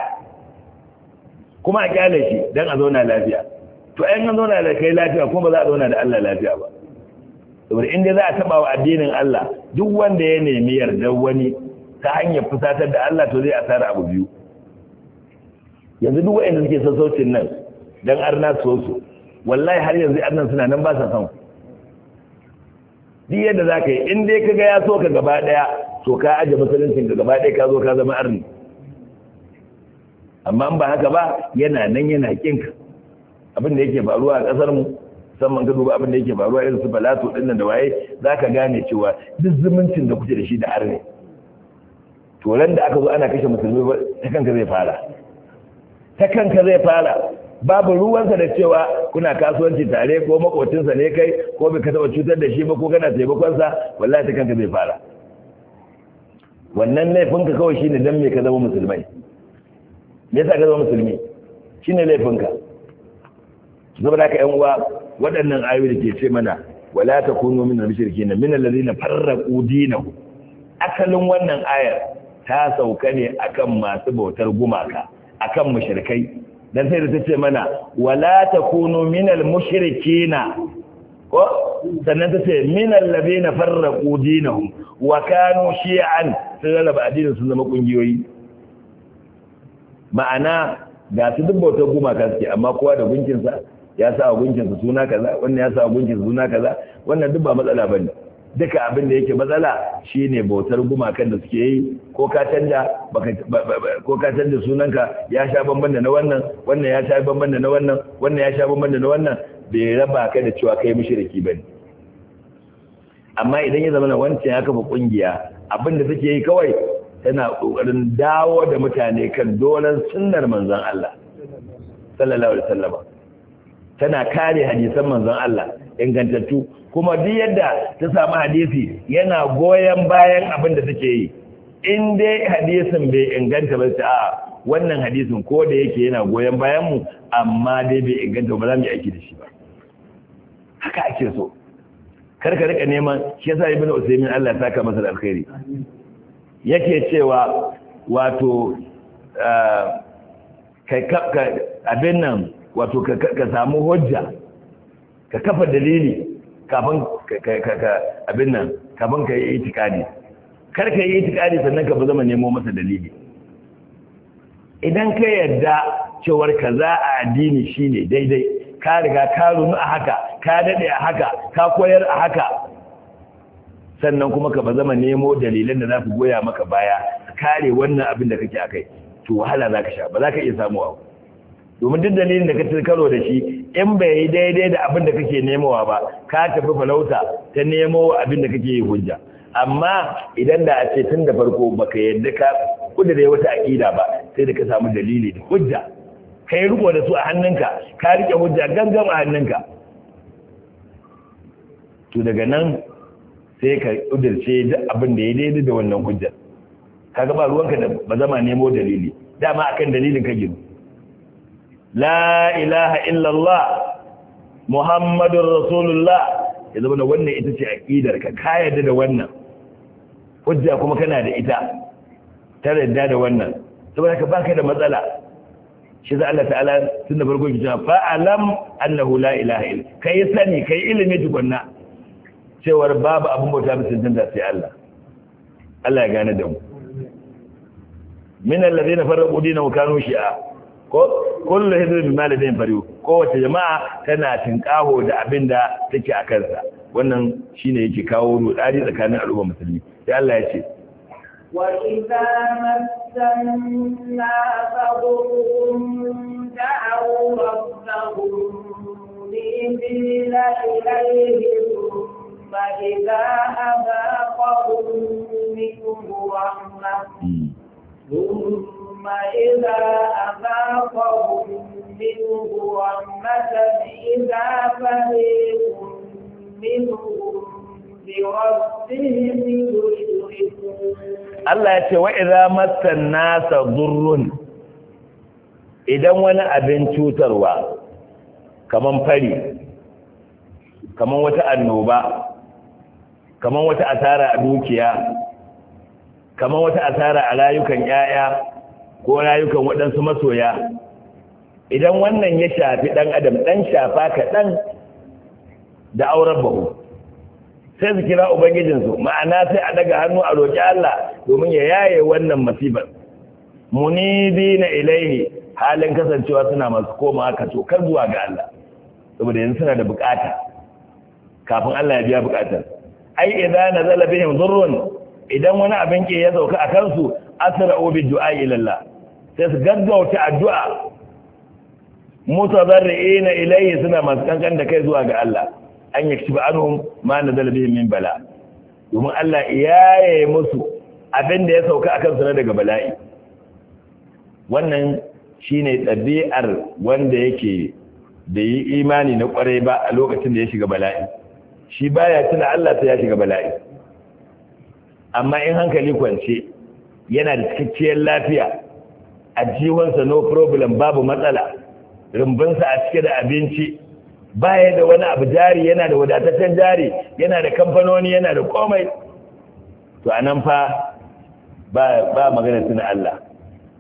kuma a kyale shi don a zauna lafiya to ayan an zauna da kai lafiya kuma ba za a zauna da Allah lafiya ba saboda in za a taɓa wa addinin Allah duk wanda ya nemi yardar wani ta hanyar fusatar da Allah to zai asara abu biyu yanzu duk waɗanda suke sassaucin nan don arna so su wallahi har yanzu arnan suna nan ba sa san duk yadda za ka yi in dai ka ga ya so ka gaba ɗaya to ka aje masalincin ka gaba ɗaya ka zo ka zama arni amma in ba haka ba yana nan yana kinka abin da yake faruwa a ƙasar mu musamman ka duba abin da yake faruwa irin su Balatu ɗin da waye za ka gane cewa duk zumuncin da kuke da shi da arne turan da aka zo ana kashe musulmi ba ta kanka zai fara ta kanka zai fara babu ruwansa da cewa kuna kasuwanci tare ko makocinsa ne kai ko bai kasa cutar da shi ba ko kana taimakonsa wallahi ta kanka zai fara wannan laifinka kawai shine dan me ka zama musulmai me yasa ka zama musulmi shine laifinka da ka yan uwa waɗannan ayoyi da ke ce mana wala takunu minal mushrikin min alladhina farraqu dinahum akalin wannan ayar ta sauka ne akan masu bautar gumaka akan mushrikai dan sai da tace mana wala takunu minal mushrikina ko sannan tace minal ladina farraqu dinahum wa kanu shi'an sun da addinin sun zama kungiyoyi ma'ana ga su duk bautar gumaka suke amma kowa da gunkinsa ya sa gunkinsa suna kaza wannan ya sa gunkinsa suna kaza wannan duk ba matsala bane duka abin da yake matsala shine bautar gumakan da suke yi ko ka canja ko ka canja sunanka ya sha bamban da na wannan wannan ya sha bamban da na wannan wannan ya sha bamban da na wannan bai raba ka da cewa kai mushriki bane amma idan ya zama na wancan ya kafa kungiya abin da suke yi kawai tana kokarin dawo da mutane kan dolan sunnar manzon Allah sallallahu alaihi wasallam tana kare hadisan manzon Allah ingantattu kuma duk yadda ta samu hadisi yana goyon bayan abin da take yi in dai hadisin bai inganta ba ta wannan hadisin ko da yake yana goyon bayan mu amma dai bai inganta ba za mu yi aiki da shi ba haka ake so kar ka rika neman shi yasa ibn usaymin Allah ya saka masa alkhairi yake cewa wato eh, abin nan wato ka samu hujja ka kafa dalili kafin abin nan kafin ka yi itikadi kar ka yi itikadi sannan ka zama nemo masa dalili idan ka yarda cewar kaza a addini shine daidai ka riga ka runu a haka ka dade a haka ka koyar a haka sannan kuma ka ba zama nemo dalilan da za ku goya maka baya kare wannan abin da kake akai to wahala za ka sha ba za ka iya samuwa ba. domin duk dalilin da ka karo da shi in bai yi daidai da abin da kake nemowa ba ka tafi falauta ta nemo abin da kake yi hujja amma idan da a ce tun da farko baka yadda ka kudure wata aƙida ba sai da ka samu dalili da hujja ka yi riko da su a hannunka ka rike hujja gangan a hannunka to daga nan sai ka kudurce abin da ya daidai da wannan hujjar kaga ba ruwanka da ba zama nemo dalili dama akan dalilin ka gino la ilaha illallah muhammadur rasulullah ya zama da wannan ita ce aqidar ka ka yarda da wannan hujja kuma kana da ita ta yarda da wannan saboda ka baka da matsala shi za Allah ta'ala tun da farko cewa fa'alam annahu la ilaha illa kai sani kai ilimi tukunna cewar babu abin bauta bisa jinda sai Allah Allah ya gane da mu min alladhina na dinahum kanu shi'a ko kullu hizbin bima ladayhim ko kowace jama'a tana tinkaho da abin da take a kansa wannan shine yake kawo rudari tsakanin al'umma musulmi sai Allah ya ce وَإِذَا مَسَّ النَّاسَ ضُرٌّ دَعَوْا رَبَّهُم رَحْمَةً ثم إذا أذاقهم منه رحمة إذا فريق منهم بربهم يشركون Allah ya ce wa idza massan nasa durrun idan wani abin cutarwa kaman fari kaman wata annoba kaman wata asara a dukiya kaman wata asara a rayukan yaya ko rayukan waɗansu masoya idan wannan ya shafi ɗan adam ɗan shafa kaɗan da auren bahu sai su kira ubangijinsu ma'ana sai a daga hannu a roƙi Allah domin ya yaye wannan masifar bi na ilaihi halin kasancewa suna masu koma ka tokar zuwa ga Allah saboda yanzu suna da bukata kafin Allah ya biya bukatar ai idan nazala bihim dhurrun idan wani abin ke ya sauka a kansu asra'u bi du'a ila Allah sai su gaggauta addu'a Ina, ilayhi suna masu kankan da kai zuwa ga Allah an shi ba'anu ma na bihim min bala domin Allah ya yaye musu abin da ya sauka a kan na daga bala'i wannan shi ne ɗabi'ar wanda yake da yi imani na kwarai ba a lokacin da ya shiga bala'i shi ba ya tuna Allah sai ya shiga bala'i amma in hankali kwance yana da cikakkiyar lafiya a jiwansa no problem babu matsala rumbunsa a cike da abinci baya da wani abu jari yana da wadataccen jari yana da kamfanoni yana da komai to a nan fa ba magana suna Allah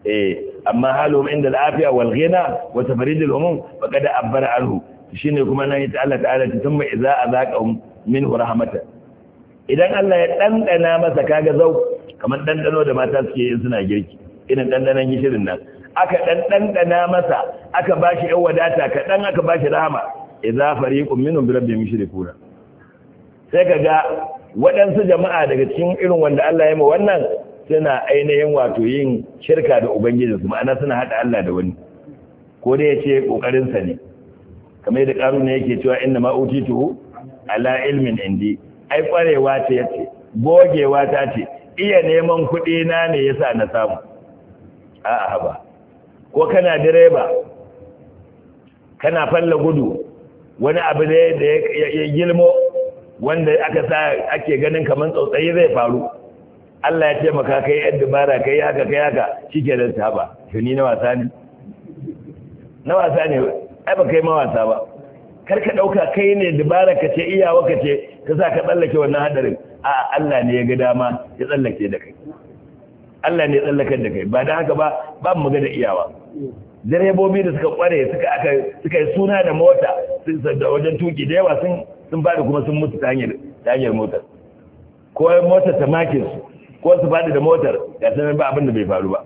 eh amma halum inda al'afiya wal ghina wa tafridul umum faqad abara anhu shine kuma nan ita Allah ta'ala ta tumma idza azaqa minhu rahmata idan Allah ya dandana masa kaga zau kamar dandano da mata suke yin suna girki irin ɗanɗanan gishirin nan aka ɗanɗana masa aka bashi shi ‘yan wadata kaɗan aka ba shi rahama idza fariqun minhum bi rabbihim yushrikuna sai kaga waɗansu jama'a daga cikin irin wanda Allah ya yi wannan suna ainihin wato yin shirka da ubangiji su ma'ana suna haɗa Allah da wani ko dai yace kokarin sa ne kamar da ne yake cewa inna ma utitu ala ilmin indi ai kwarewa ce yace gogewa ta ce iya neman kuɗi na ne yasa na samu a'a ba ko kana direba kana falla gudu wani abu ne da ya gilmo wanda aka sa ake ganin kamar tsautsayi zai faru Allah ya taimaka kai yan dubara kai haka kai haka shike da saba ni na wasa ne na wasa ne ai ba kai mawasa ba kar ka dauka kai ne dubara ka ce iyawa ka ce ka sa ka tsallake wannan hadarin a Allah ne ya ga dama ya tsallake da kai Allah ne tsallakar da kai ba da haka ba ba mu gada iyawa direbobi da suka kware suka aka suka yi suna da mota sun da wajen tuki da yawa sun sun da kuma sun mutu ta hanyar ta hanyar motar ko motar ta make ko su bada da motar ga san ba abin da bai faru ba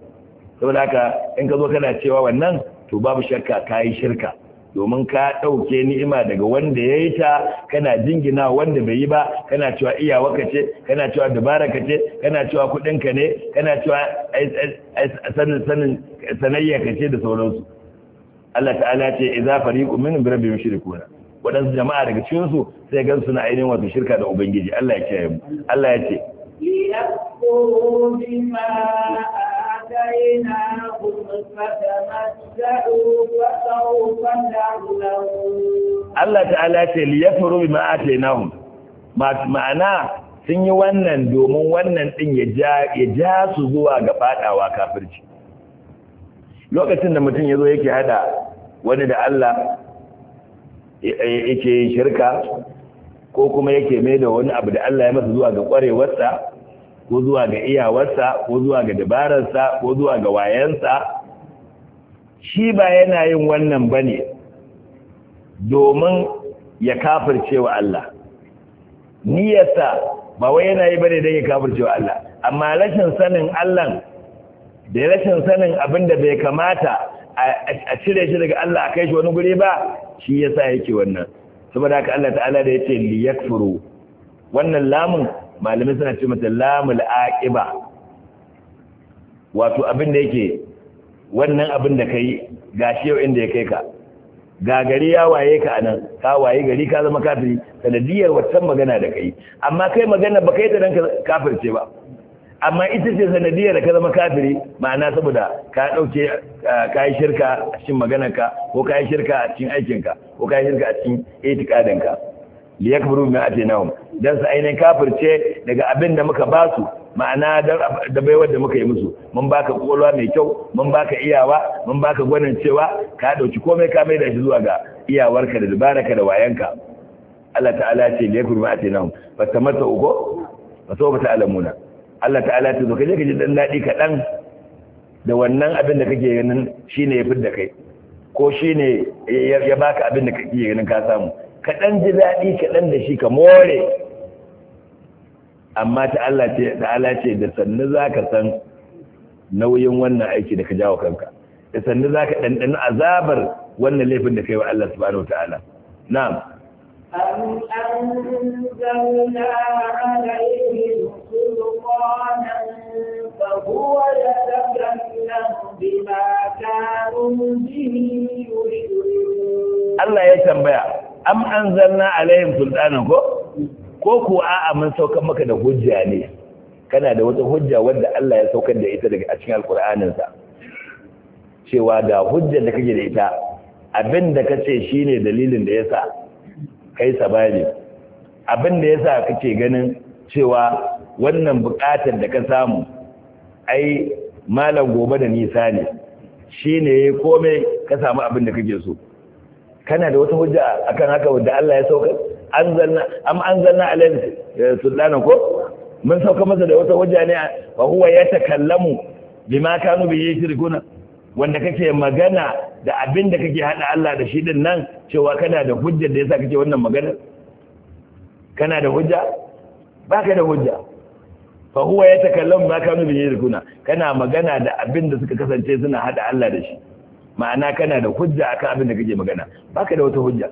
saboda haka in ka zo kana cewa wannan to babu shakka kai shirka domin ka ɗauke ni'ima daga wanda ya yi ta kana jingina wanda bai yi ba kana cewa iyawaka ce kana cewa dabara ka ce kana cewa kuɗinka ne kana cewa sanin ka ce da sauransu Allah ta'ala ce idza fariqu min rabbihim yushrikuna wadansu jama'a daga cikin su sai gan na ainihin wasu shirka da ubangiji Allah ya kiyaye mu Allah ya ce وآتيناهم فتمتعوا فسوف ce الله bi ليكفروا بما ma'ana sun yi wannan domin wannan din ya ja su zuwa ga faɗawa kafirci lokacin da mutum yazo yake hada wani da Allah yake shirka ko kuma yake mai da wani abu da Allah ya masa zuwa ga sa. ko zuwa ga iyawarsa ko zuwa ga dabararsa ko zuwa ga wayansa shi ba yana yin wannan ba ne domin ya kafirce wa Allah niyyarsa ba wai yana yi ba ne ya kafirce wa Allah amma rashin sanin Allah da rashin sanin abin da bai kamata a cire shi daga Allah a kai shi wani guri ba shi yasa yake wannan saboda haka Allah ta'ala da ce liyakfuru wannan lamun malamai suna ce mata lamul aqiba wato abin da yake wannan abin da kai gashi yau inda ya kai ka ga gari ya waye ka anan ka waye gari ka zama kafiri sanadiyar waccan magana da kai amma kai magana ba kai ta dan kafirce ba amma ita ce sanadiyar da ka zama kafiri ma'ana saboda ka ɗauke ka yi shirka a cikin maganarka ko ka yi shirka a cikin aikinka ko ka yi shirka a cikin itikadinka liyakbaru bima atainahum dan su ne kafirce daga abin da muka ba su ma'ana da baiwar da muka yi musu mun baka kolwa mai kyau mun baka iyawa mun baka gwanin cewa ka dauki komai ka mai da shi zuwa ga iyawarka da dubaraka da wayanka Allah ta'ala ce liyakfuru bima atainahum fatamata ugo fasawfa ta'lamuna Allah ta'ala ce to kaje ka ji dan dadi dan da wannan abin da kake ganin shine ya fidda kai ko shine ya baka abin da kake ganin ka samu ka ɗan ji daɗi kaɗan da shi ka more amma ta'ala ce da sannu za ka san nauyin wannan aiki da ka jawo kanka da sannu za ka ɗanɗani azabar wannan laifin da kai wa Allah subhanahu wa ta'ala na'am am anzalna alaihim sultana ko ko ko a'a mun saukar maka da hujja ne kana da wata hujja wadda Allah ya saukar da ita daga cikin alkur'anin sa cewa ga hujjar da kake da ita abin da kace shine dalilin da yasa kai sabani abin da yasa kake ganin cewa wannan bukatar da ka samu ai malam gobe da nisa ne shine komai ka samu abin da kake so kana da wata hujja akan haka wanda Allah ya sauka anzalna am anzalna alayhi sultanan ko mun sauka masa da wata hujja ne wa huwa yatakallamu bima kanu bi yashrikuna wanda kake magana da abin da kake hada Allah da shi din nan cewa kana da hujja da yasa kake wannan magana kana da hujja baka da hujja fa huwa yatakallamu bima kanu bi yashrikuna kana magana da abin da suka kasance suna hada Allah da shi ma'ana kana da hujja akan abin da kake magana baka da wata hujja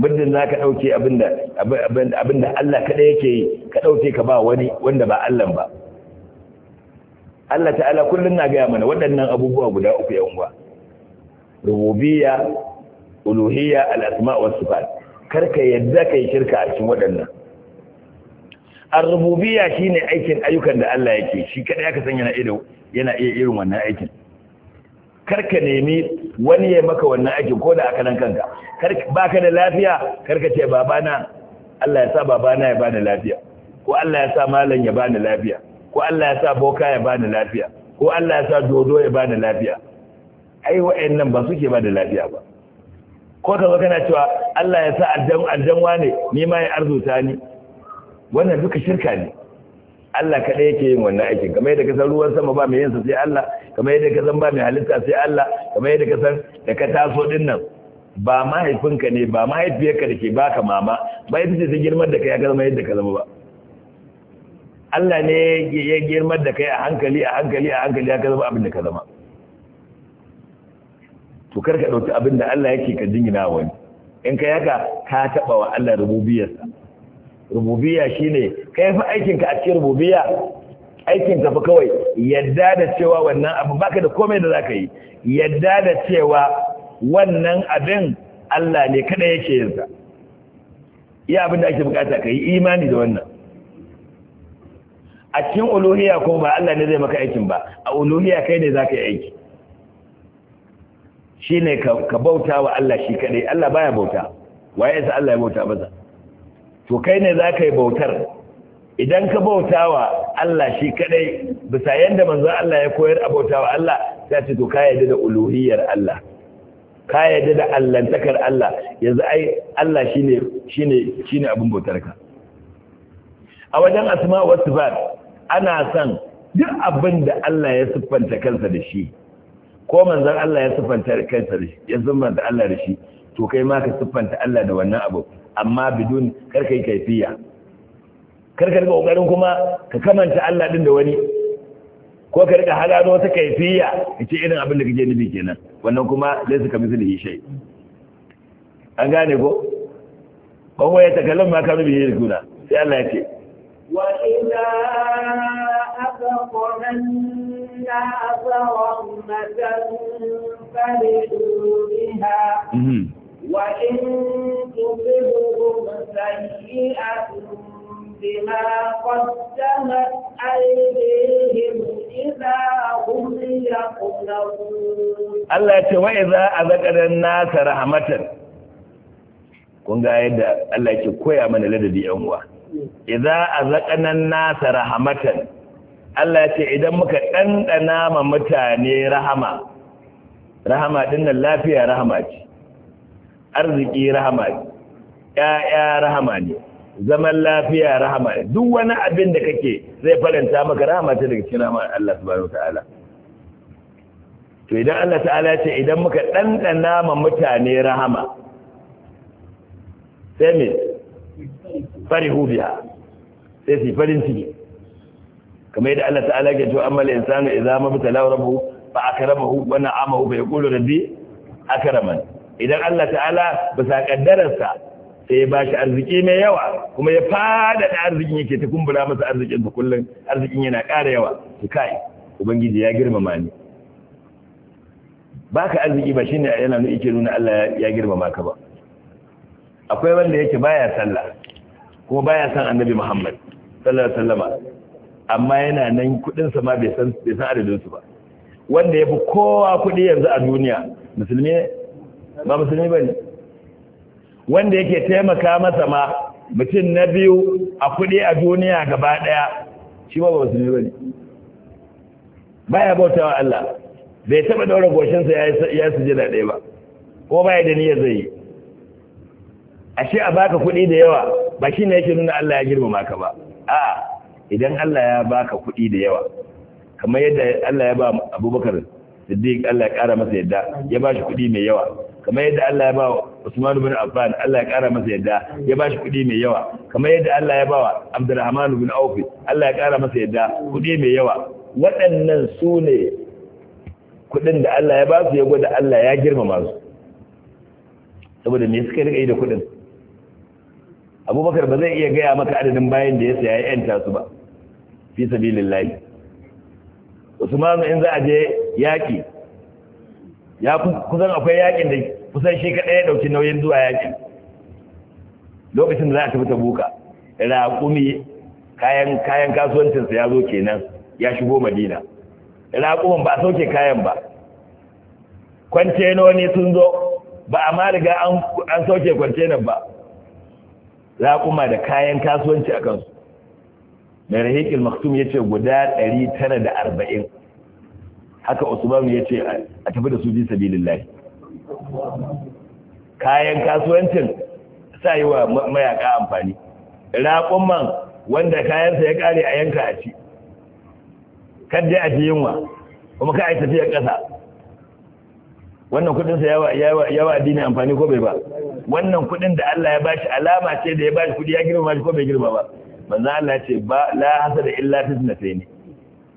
muddin za ka ɗauke abin da Allah kaɗai yake yi ka ɗauke ka ba wani wanda ba Allah ba Allah ta'ala kullum na gaya mana waɗannan abubuwa guda uku yan uwa rububiyya uluhiyya al-asma' wa sifat karka yadda kai shirka a cikin waɗannan ar-rububiyya ne aikin ayyukan da Allah yake shi kaɗai aka san na yana iya irin wannan aikin karka nemi wani ya maka wannan aikin ko da aka nan kanka baka da lafiya karka ce babana Allah ya sa babana ya bani lafiya ko Allah ya sa malam ya bani lafiya ko Allah ya sa boka ya bani lafiya ko Allah ya sa dodo ya bani lafiya ai wa'annan ba suke bada lafiya ba ko ka zo kana cewa Allah ya sa aljan aljan wane ni ma ya arzuta ni wannan duka shirka ne Allah kaɗai yake yin wannan aikin kamar yadda ka san ruwan sama ba mai yinsa sai Allah kamar yadda ka san ba mai halitta sai Allah kamar yadda ka san da ka taso din nan ba mahaifinka ne ba mahaifiyarka da ke baka mama ba ita ce ta girmar da kai ya zama yadda ka zama ba Allah ne ya girmar da kai a hankali a hankali a hankali ya zama abin da ka zama to kar ka ɗauki abin da Allah yake ka jingina wani in ka haka ka taɓa wa Allah rububiyarsa rububiya shine kai fa aikinka a cikin rububiya aikinka fa kawai yadda da cewa wannan abu baka da komai da zaka yi yadda da cewa wannan abin Allah ne kada yake yin sa iya abin da ake bukata kai imani da wannan a cikin uluhiyya ko ba Allah ne zai maka aikin ba a uluhiyya kai ne zaka yi aiki shine ka bauta wa Allah shi kadai Allah baya bauta waye sai Allah ya bauta maza? to kai ne za ka yi bautar idan ka bauta wa Allah shi kadai bisa yadda manzo Allah ya koyar a bauta wa Allah ta ce to ka yadda da uluhiyar Allah ka yadda da allantakar Allah yanzu ai Allah shine shine shine abin bautar ka a wajen asma wa sifat ana san duk abin da Allah ya siffanta kansa da shi ko manzon Allah ya siffanta kansa da shi ya siffanta Allah da shi to kai ma ka siffanta Allah da wannan abu amma bidun karka yi kaifiya karka riga kokarin kuma ka kamanta Allah din da wani ko ka rika halalo wata kaifiya kace irin abin da kake nufi kenan wannan kuma laysa kamithlihi shay an gane ko ban waya takallam ma kanu yi rikuna sai Allah ya ce wa idza aqamna na'fa wa matan وإن تصبهم سيئة بما قدمت أيديهم إذا هم يقلقون الله يقول وإذا أذكر الناس رحمة kun ga yadda Allah ke koya mana ladabi yan uwa idza azaqana an-nasa rahmatan Allah ce idan muka dandana ma mutane rahama rahama dinnan lafiya rahama ce arziki rahama ne ƴaƴa rahama ne zaman lafiya rahama ne duk wani abin da kake zai faranta maka rahama ta daga cikin rahama Allah subhanahu wataala to idan Allah ta'ala ce idan muka ɗanɗana ma mutane rahama sai me farihu biha sai su farin ciki kamar yadda Allah ta'ala ke to amma al-insanu idza mabtala rabbuhu fa akramahu wa na'amahu fa yaqulu rabbi akraman idan Allah ta'ala ba sa kaddararsa sai ya bashi arziki mai yawa kuma ya fada da arzikin yake ta kumbura masa arzikin ta kullun arzikin yana ƙara yawa to kai ubangiji ya girmama ni baka arziki ba shine yana nuna yake nuna Allah ya girmama ka ba akwai wanda yake baya sallah kuma baya san annabi Muhammad sallallahu alaihi wasallama amma yana nan kudin sa ma bai san bai san adadin su ba wanda yafi kowa kudi yanzu a duniya musulmi ba musulmi ba ne wanda yake taimaka masa ma mutum na biyu a kuɗi a duniya gaba ɗaya shi ba ba musulmi ba ya bautawa Allah bai taɓa ɗaura goshinsa ya su jira ɗaya ba ko baya da niyyar zai yi shi a baka kuɗi da yawa ba shi ne yake nuna Allah ya girmama ka ba a'a idan Allah ya baka kuɗi da yawa kamar yadda Allah ya ba Abubakar Siddiq Allah ya kara masa yadda ya ba shi kuɗi mai yawa kamar yadda Allah ya ba wa Usman bin Affan Allah ya kara masa yadda ya ba shi kuɗi mai yawa kamar yadda Allah ya ba wa Abdurrahman bin Auf Allah ya kara masa yadda kuɗi mai yawa waɗannan su ne kuɗin da Allah ya ba su ya gwada Allah ya girmama su saboda me suka rika yi da kuɗin Abubakar ba zai iya gaya maka adadin bayan da ya saya ya yanta su ba fi sabilillahi Usman in za a je yaƙi ya kusan akwai yaƙin da kusan shi kaɗai ya ɗauki nauyin zuwa yaƙi lokacin da za a tafi ta buka raƙumi kayan kasuwancinsa ya zo kenan ya shigo madina raƙumin ba a sauke kayan ba kwantenoni sun zo ba a ma riga an sauke kwantenan ba raƙuma da kayan kasuwanci a kansu mai rahikin maktum ya ce guda 940 haka Usman ya ce a tafi da su bi lafi kayan kasuwancin sa yi wa mayaka amfani raƙon man wanda kayansa ya ƙare a yanka a ci kadda a ji yunwa kuma ka a tafiyar ƙasa wannan kudinsa yawa addini amfani ko bai ba wannan kudin da Allah ya bashi alama ce da ya bashi kudi ya girma shi ko bai girma ba manzo Allah ce ba la hasada illa ne,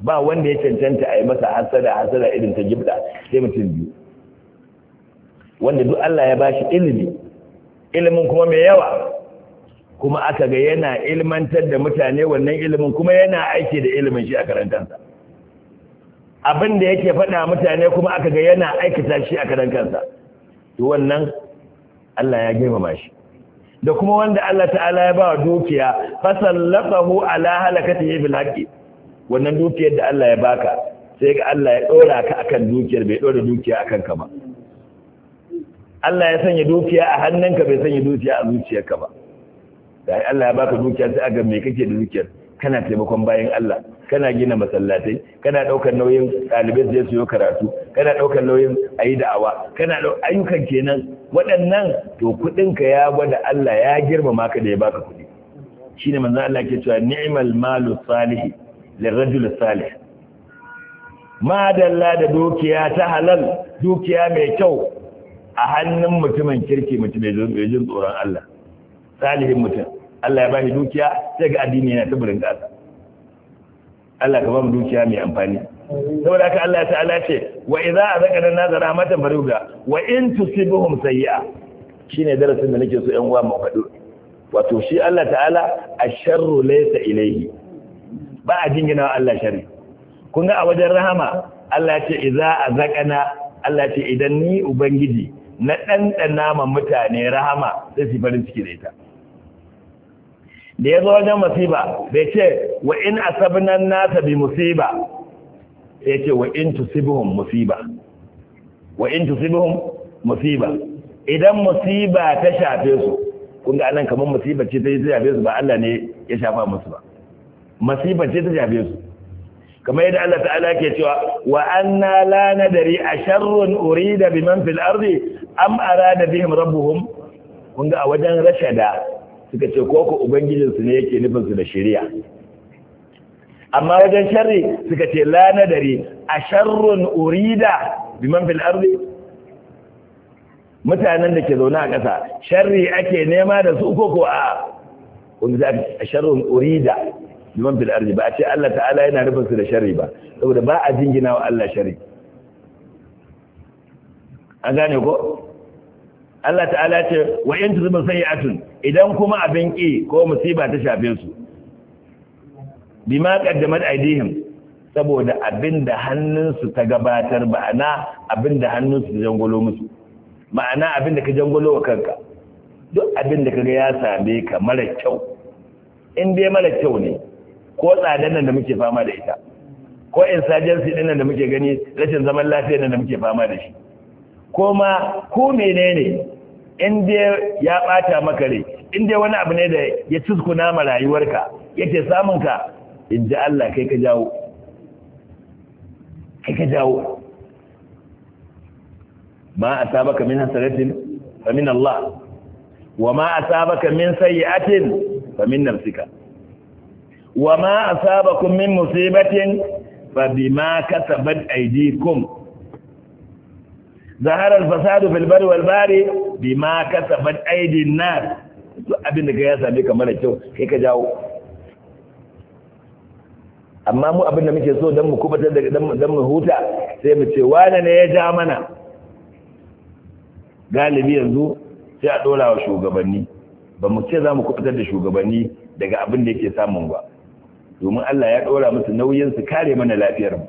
ba wanda ya cancanta a yi masa hasada hasada irin ta gibda sai mutum biyu wanda duk Allah ya bashi ilimi ilimin kuma mai yawa kuma aka ga yana ilmantar da mutane wannan ilimin kuma yana aiki da ilimin shi a karantansa abin da yake faɗa mutane kuma aka ga yana aikata shi a karantansa to wannan Allah ya girmama shi da kuma wanda Allah ta'ala ya ba wa dukiya fasallafahu ala halakatihi bil haqi wannan dukiyar da Allah ya baka sai ga Allah ya dora ka akan dukiyar bai dora dukiya akan ka ba Allah ya sanya dukiya a hannunka bai sanya dukiya a zuciyarka ba da Allah ya baka dukiya sai aga me kake da dukiyar kana taimakon bayan Allah kana gina masallatai kana daukar nauyin ɗalibai da su karatu kana daukar nauyin ayi da'awa kana da ayyukan kenan waɗannan to kuɗin ka ya gwada Allah ya girmama ka da ya baka kuɗi shine manzon Allah ke cewa ni'mal malu salih lirajul salih ma dalla da dukiya ta halal dukiya mai kyau a hannun mutumin kirki mutum mai jin tsoron Allah salihin mutum Allah ya bashi dukiya sai ga addini yana tuburin kasa Allah ka ba mu dukiya mai amfani saboda haka Allah ta'ala ce wa idza azaqana nazara matan faruga wa in tusibuhum sayyi'a shine darasin da nake so yan uwa mu faɗo wato shi Allah ta'ala asharru laysa ilayhi ba a jingina Allah sharri kun ga a wajen rahama Allah ya ce idza azaqana Allah ya ce idan ni ubangiji na ɗanɗana ma mutane rahama sai su farin ciki da ita da ya zo wajen masifa bai ce wa in asabnan nasa bi musiba sai ce wa in tusibuhum musiba wa in tusibuhum musiba idan musiba ta shafe su kun ga anan kamar musiba ce ta shafe su ba Allah ne ya shafa musu ba musiba ce ta shafe su kamar yadda Allah ta'ala ke cewa wa anna la nadari asharrun urida biman fil ardi am arada bihim rabbuhum kun ga a wajen rashada suka ce ko ko ubangijin ne yake nufin su da shari'a amma wajen sharri suka ce la nadari asharrun urida biman fil ardi mutanen da ke zaune a ƙasa sharri ake nema da su ko ko a kun ga asharrun urida liman fil ardi ba a ce Allah ta'ala yana nufin su da sharri ba saboda ba a jingina wa Allah sharri an gane ko Allah ta'ala ce wa in tuzmu sayi'atun idan kuma abin ki ko musiba ta shafe su bima qaddamat aidihim saboda abinda hannunsu ta gabatar ana abinda hannunsu ta jangolo musu ma'ana abinda ka jangolo wa kanka duk abinda kaga ya same ka mara kyau in dai mara kyau ne ko tsadar nan da muke fama da ita ko insurgency din nan da muke gani rashin zaman lafiya nan da muke fama da shi kuma ko menene in dai ya bata maka rai in dai wani abu ne da ya tuskuna ma rayuwarka yake samun ka in ji Allah kai ka jawo kai ka jawo ma asabaka min hasaratin fa min Allah wa ma asabaka min sayyi'atin fa min nafsika wa ma asabakum min musibatin fa bima kasabat aydikum zahar al fasad fil bar wal bahri bima kasabat aydin nas to abin da ya same kamar kyau kai ka jawo amma mu abin da muke so dan mu kubatar da dan mu huta sai mu ce wane ne ya ja mana galibi yanzu sai a dora wa shugabanni ba mu ce za mu kubatar da shugabanni daga abin da yake samun ba domin Allah ya ɗora masa nauyin su kare mana lafiyarmu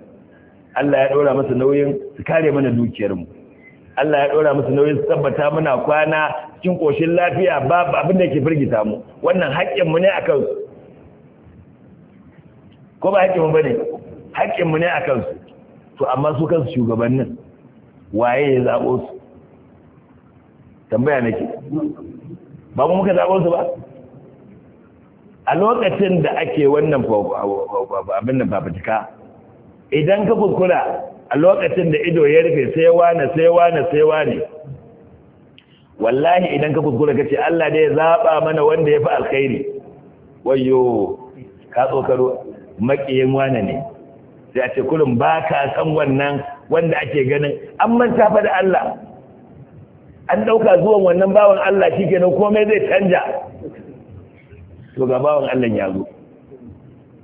Allah ya ɗora masa nauyin su kare mana dukiyarmu Allah ya ɗora masa nauyin su tabbata muna kwana cikin ƙoshin lafiya babu abin da ke firgita mu wannan haƙƙinmu ne a kansu ko ba haƙƙinmu ba ne haƙƙinmu ne a kansu to amma su kansu shugabannin waye ya zaɓo su tambaya nake ba mu muka zaɓo su ba a lokacin da ake wannan abin da fafutuka idan ka kukura a lokacin da ido ya rufe sai wane sai wane sai wane wallahi idan ka kuskura ka ce Allah da ya zaɓa mana wanda ya fi alkhairi wayo ka tsokaro makiyin wane ne sai a ce ba ka san wannan wanda ake ganin an manta fa da Allah an ɗauka zuwan wannan bawan Allah shi kenan komai zai canja to ga bawan Allah ya zo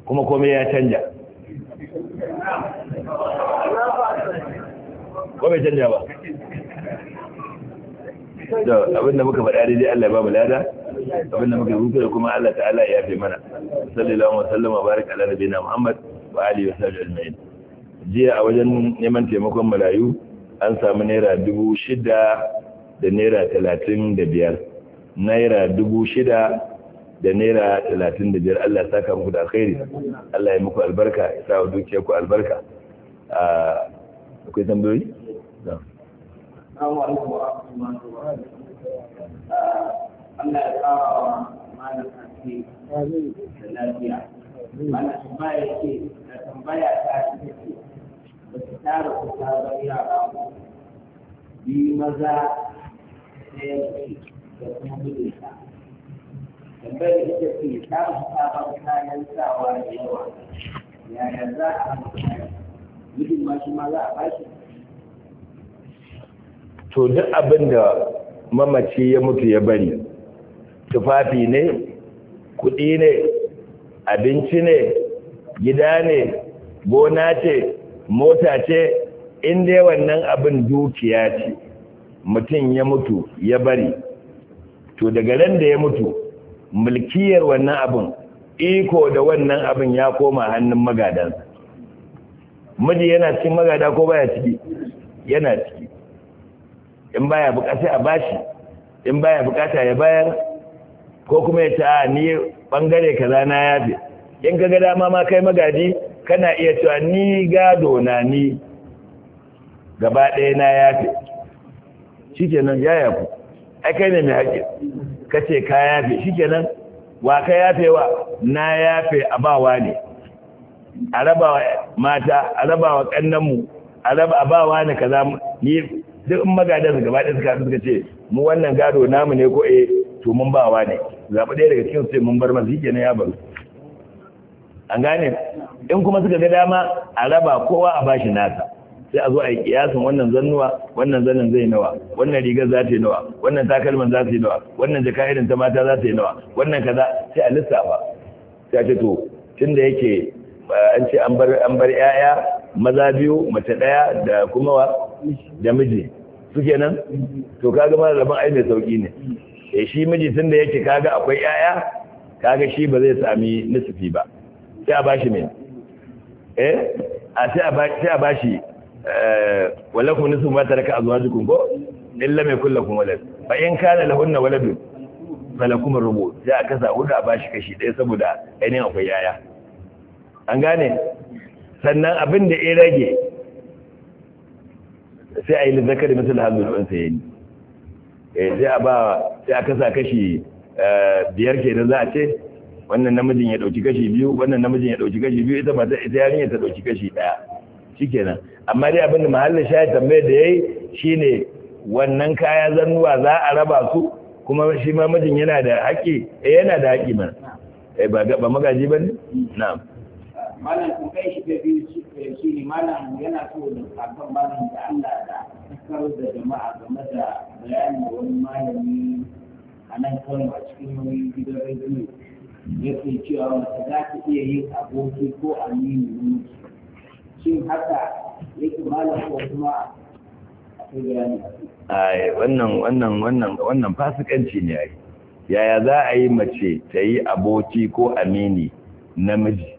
kuma komai ya canja ko canja ba da abinda muka faɗa daidai Allah ya ba mu lada abinda muka rufe da kuma Allah ta'ala ya fi mana sallallahu alaihi wasallam baraka ala nabiyina Muhammad wa alihi wasallam ajma'in jiya a wajen neman taimakon marayu an samu naira dubu shida da naira talatin da biyar naira dubu shida da naira talatin da biyar Allah saka muku da alkhairi Allah ya muku albarka ya sa wa dukiya ku albarka akwai tambayoyi? Allah ya tambaya tambaya ta ba tara biyu maza ɗaya da tambayar ita ce samun sabon kayan sawa da yawa yaya za a kayan gudun ma shi ma za a bashi to duk abin da mamaci ya mutu ya bari tufafi ne kuɗi ne abinci ne gida ne gona ce mota ce in dai wannan abin dukiya ce mutum ya mutu ya bari to daga nan da ya mutu mulkiyar wannan abin iko da wannan abin ya koma hannun magadansa miji yana cikin magada ko baya ciki yana ciki in baya bukata a bashi in baya bukata ya bayar ko kuma ya ta ni bangare kaza na yafe in kaga dama ma kai magadi kana iya cewa ni gado na ni gaba ɗaya na yafe shi kenan ya yafu ai ne mai haƙƙi ka ce ka yafe shi ke nan wa ka yafe wa na yafe a bawa ne a rabawa mata a rabawa ƙannanmu a raba a bawa ne zama ni duk in su gaba ɗaya suka suka ce mu wannan gado namu ne ko e to mun bawa ne zaɓi ɗaya daga cikin sai mun bar masu shi nan ya su an gane in kuma suka ga dama a raba kowa a bashi nasa sai a zo a yi kiyasin wannan zannuwa wannan zanin zai nawa wannan rigar za ta yi nawa wannan takalman za ta yi nawa wannan jaka irin ta mata za ta yi nawa wannan kaza sai a lissafa sai a ce to tunda yake eh, an ce an bar an bar yaya maza biyu mace daya da kuma wa da miji su kenan to kaga ma rabon ai mai sauki ne eh shi miji tunda yake kaga akwai yaya kaga shi ba zai sami nisifi ba sai a bashi mai eh a sai a bashi Eh, walakun nisu ma taraka azwajukum ko illa mai kullakum walad fa in kana lahunna waladun falakum rubu sai aka sa huda bashi kashi ɗaya saboda ainihin akwai yaya an gane sannan abin da ya rage sai a yi zakari mutum hazin ɗin sayani eh, sai a ba sai aka sa kashi eh, biyar ke da za a ce wannan namijin ya ɗauki kashi biyu wannan namijin ya ɗauki kashi biyu ita mata ita yarinya ta ɗauki kashi ɗaya shikenan amma dai abin da mahallin shayi tambaye da yayi shine wannan kaya zannuwa za a raba su kuma shi ma mijin yana da haƙi eh yana da haƙi mana eh ba ba magaji bane na'am malam ku kai shi da biyu shi ne malam yana so da sakon malam da Allah da karo da jama'a game da bayanin wani malami a nan Kano a cikin wani gidan rediyo yake cewa wata za ta iya yin aboki ko amini shin haka yake kuma wannan wannan wannan wannan fasikanci ne ai yaya za a yi mace ta yi aboki ko amini namiji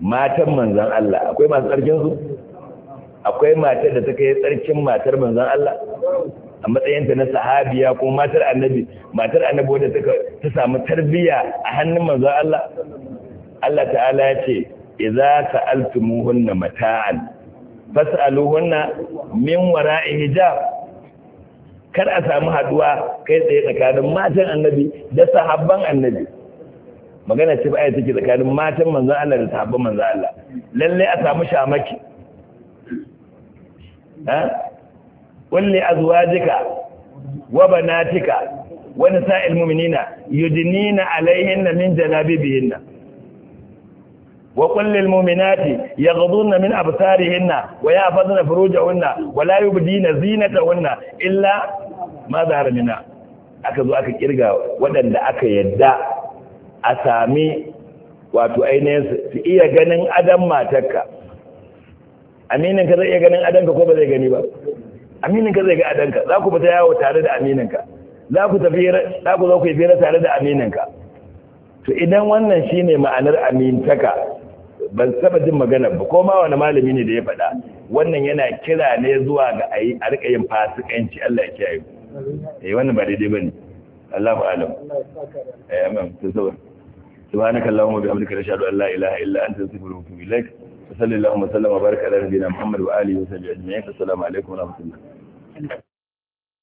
matan manzan Allah akwai masu tsarkin su akwai matar da ta kai tsarkin matar manzan Allah a matsayinta na sahabiya ko matar annabi matar annabi wadda ta samu tarbiya a hannun manzon Allah Allah ta'ala ya ce idza sa'altumuhunna mata'an fas'aluhunna min wara'i hijab kar a samu haduwa kai tsaye tsakanin matan annabi da sahabban annabi magana ce ba ai take tsakanin matan manzon Allah da sahabban manzon Allah lalle a samu shamaki ha kulli azwajika wa banatika wa nisa'il mu'minina yudnina alaihinna min janabibihinna وقل للمؤمنات يغضن من أبصارهن ويحفظن فروجهن ولا يبدين زينتهن إلا ما ظهر منها aka zo aka kirga waɗanda aka yadda a sami wato ainihin su iya ganin adam matarka ka zai iya ganin adanka ko ba zai gani ba ka zai ga adanka za ku fita yawo tare da aminanka? za ku tafi za ku zo ku yi fira tare da aminanka? to idan wannan shine ma'anar amintaka ban saba jin magana ba ko ma wani malami ne da ya faɗa wannan yana kira ne zuwa ga ayi a rika yin fasikanci Allah ya kiyaye eh wannan ba daidai bane Allahu a'lam eh amin to zo subhanaka allahumma bihamdika ashhadu an la ilaha illa anta astaghfiruka wa atubu ilaik sallallahu alaihi wa sallam wa baraka ala nabiyyina muhammad wa alihi wa sahbihi ajma'in assalamu alaikum wa rahmatullah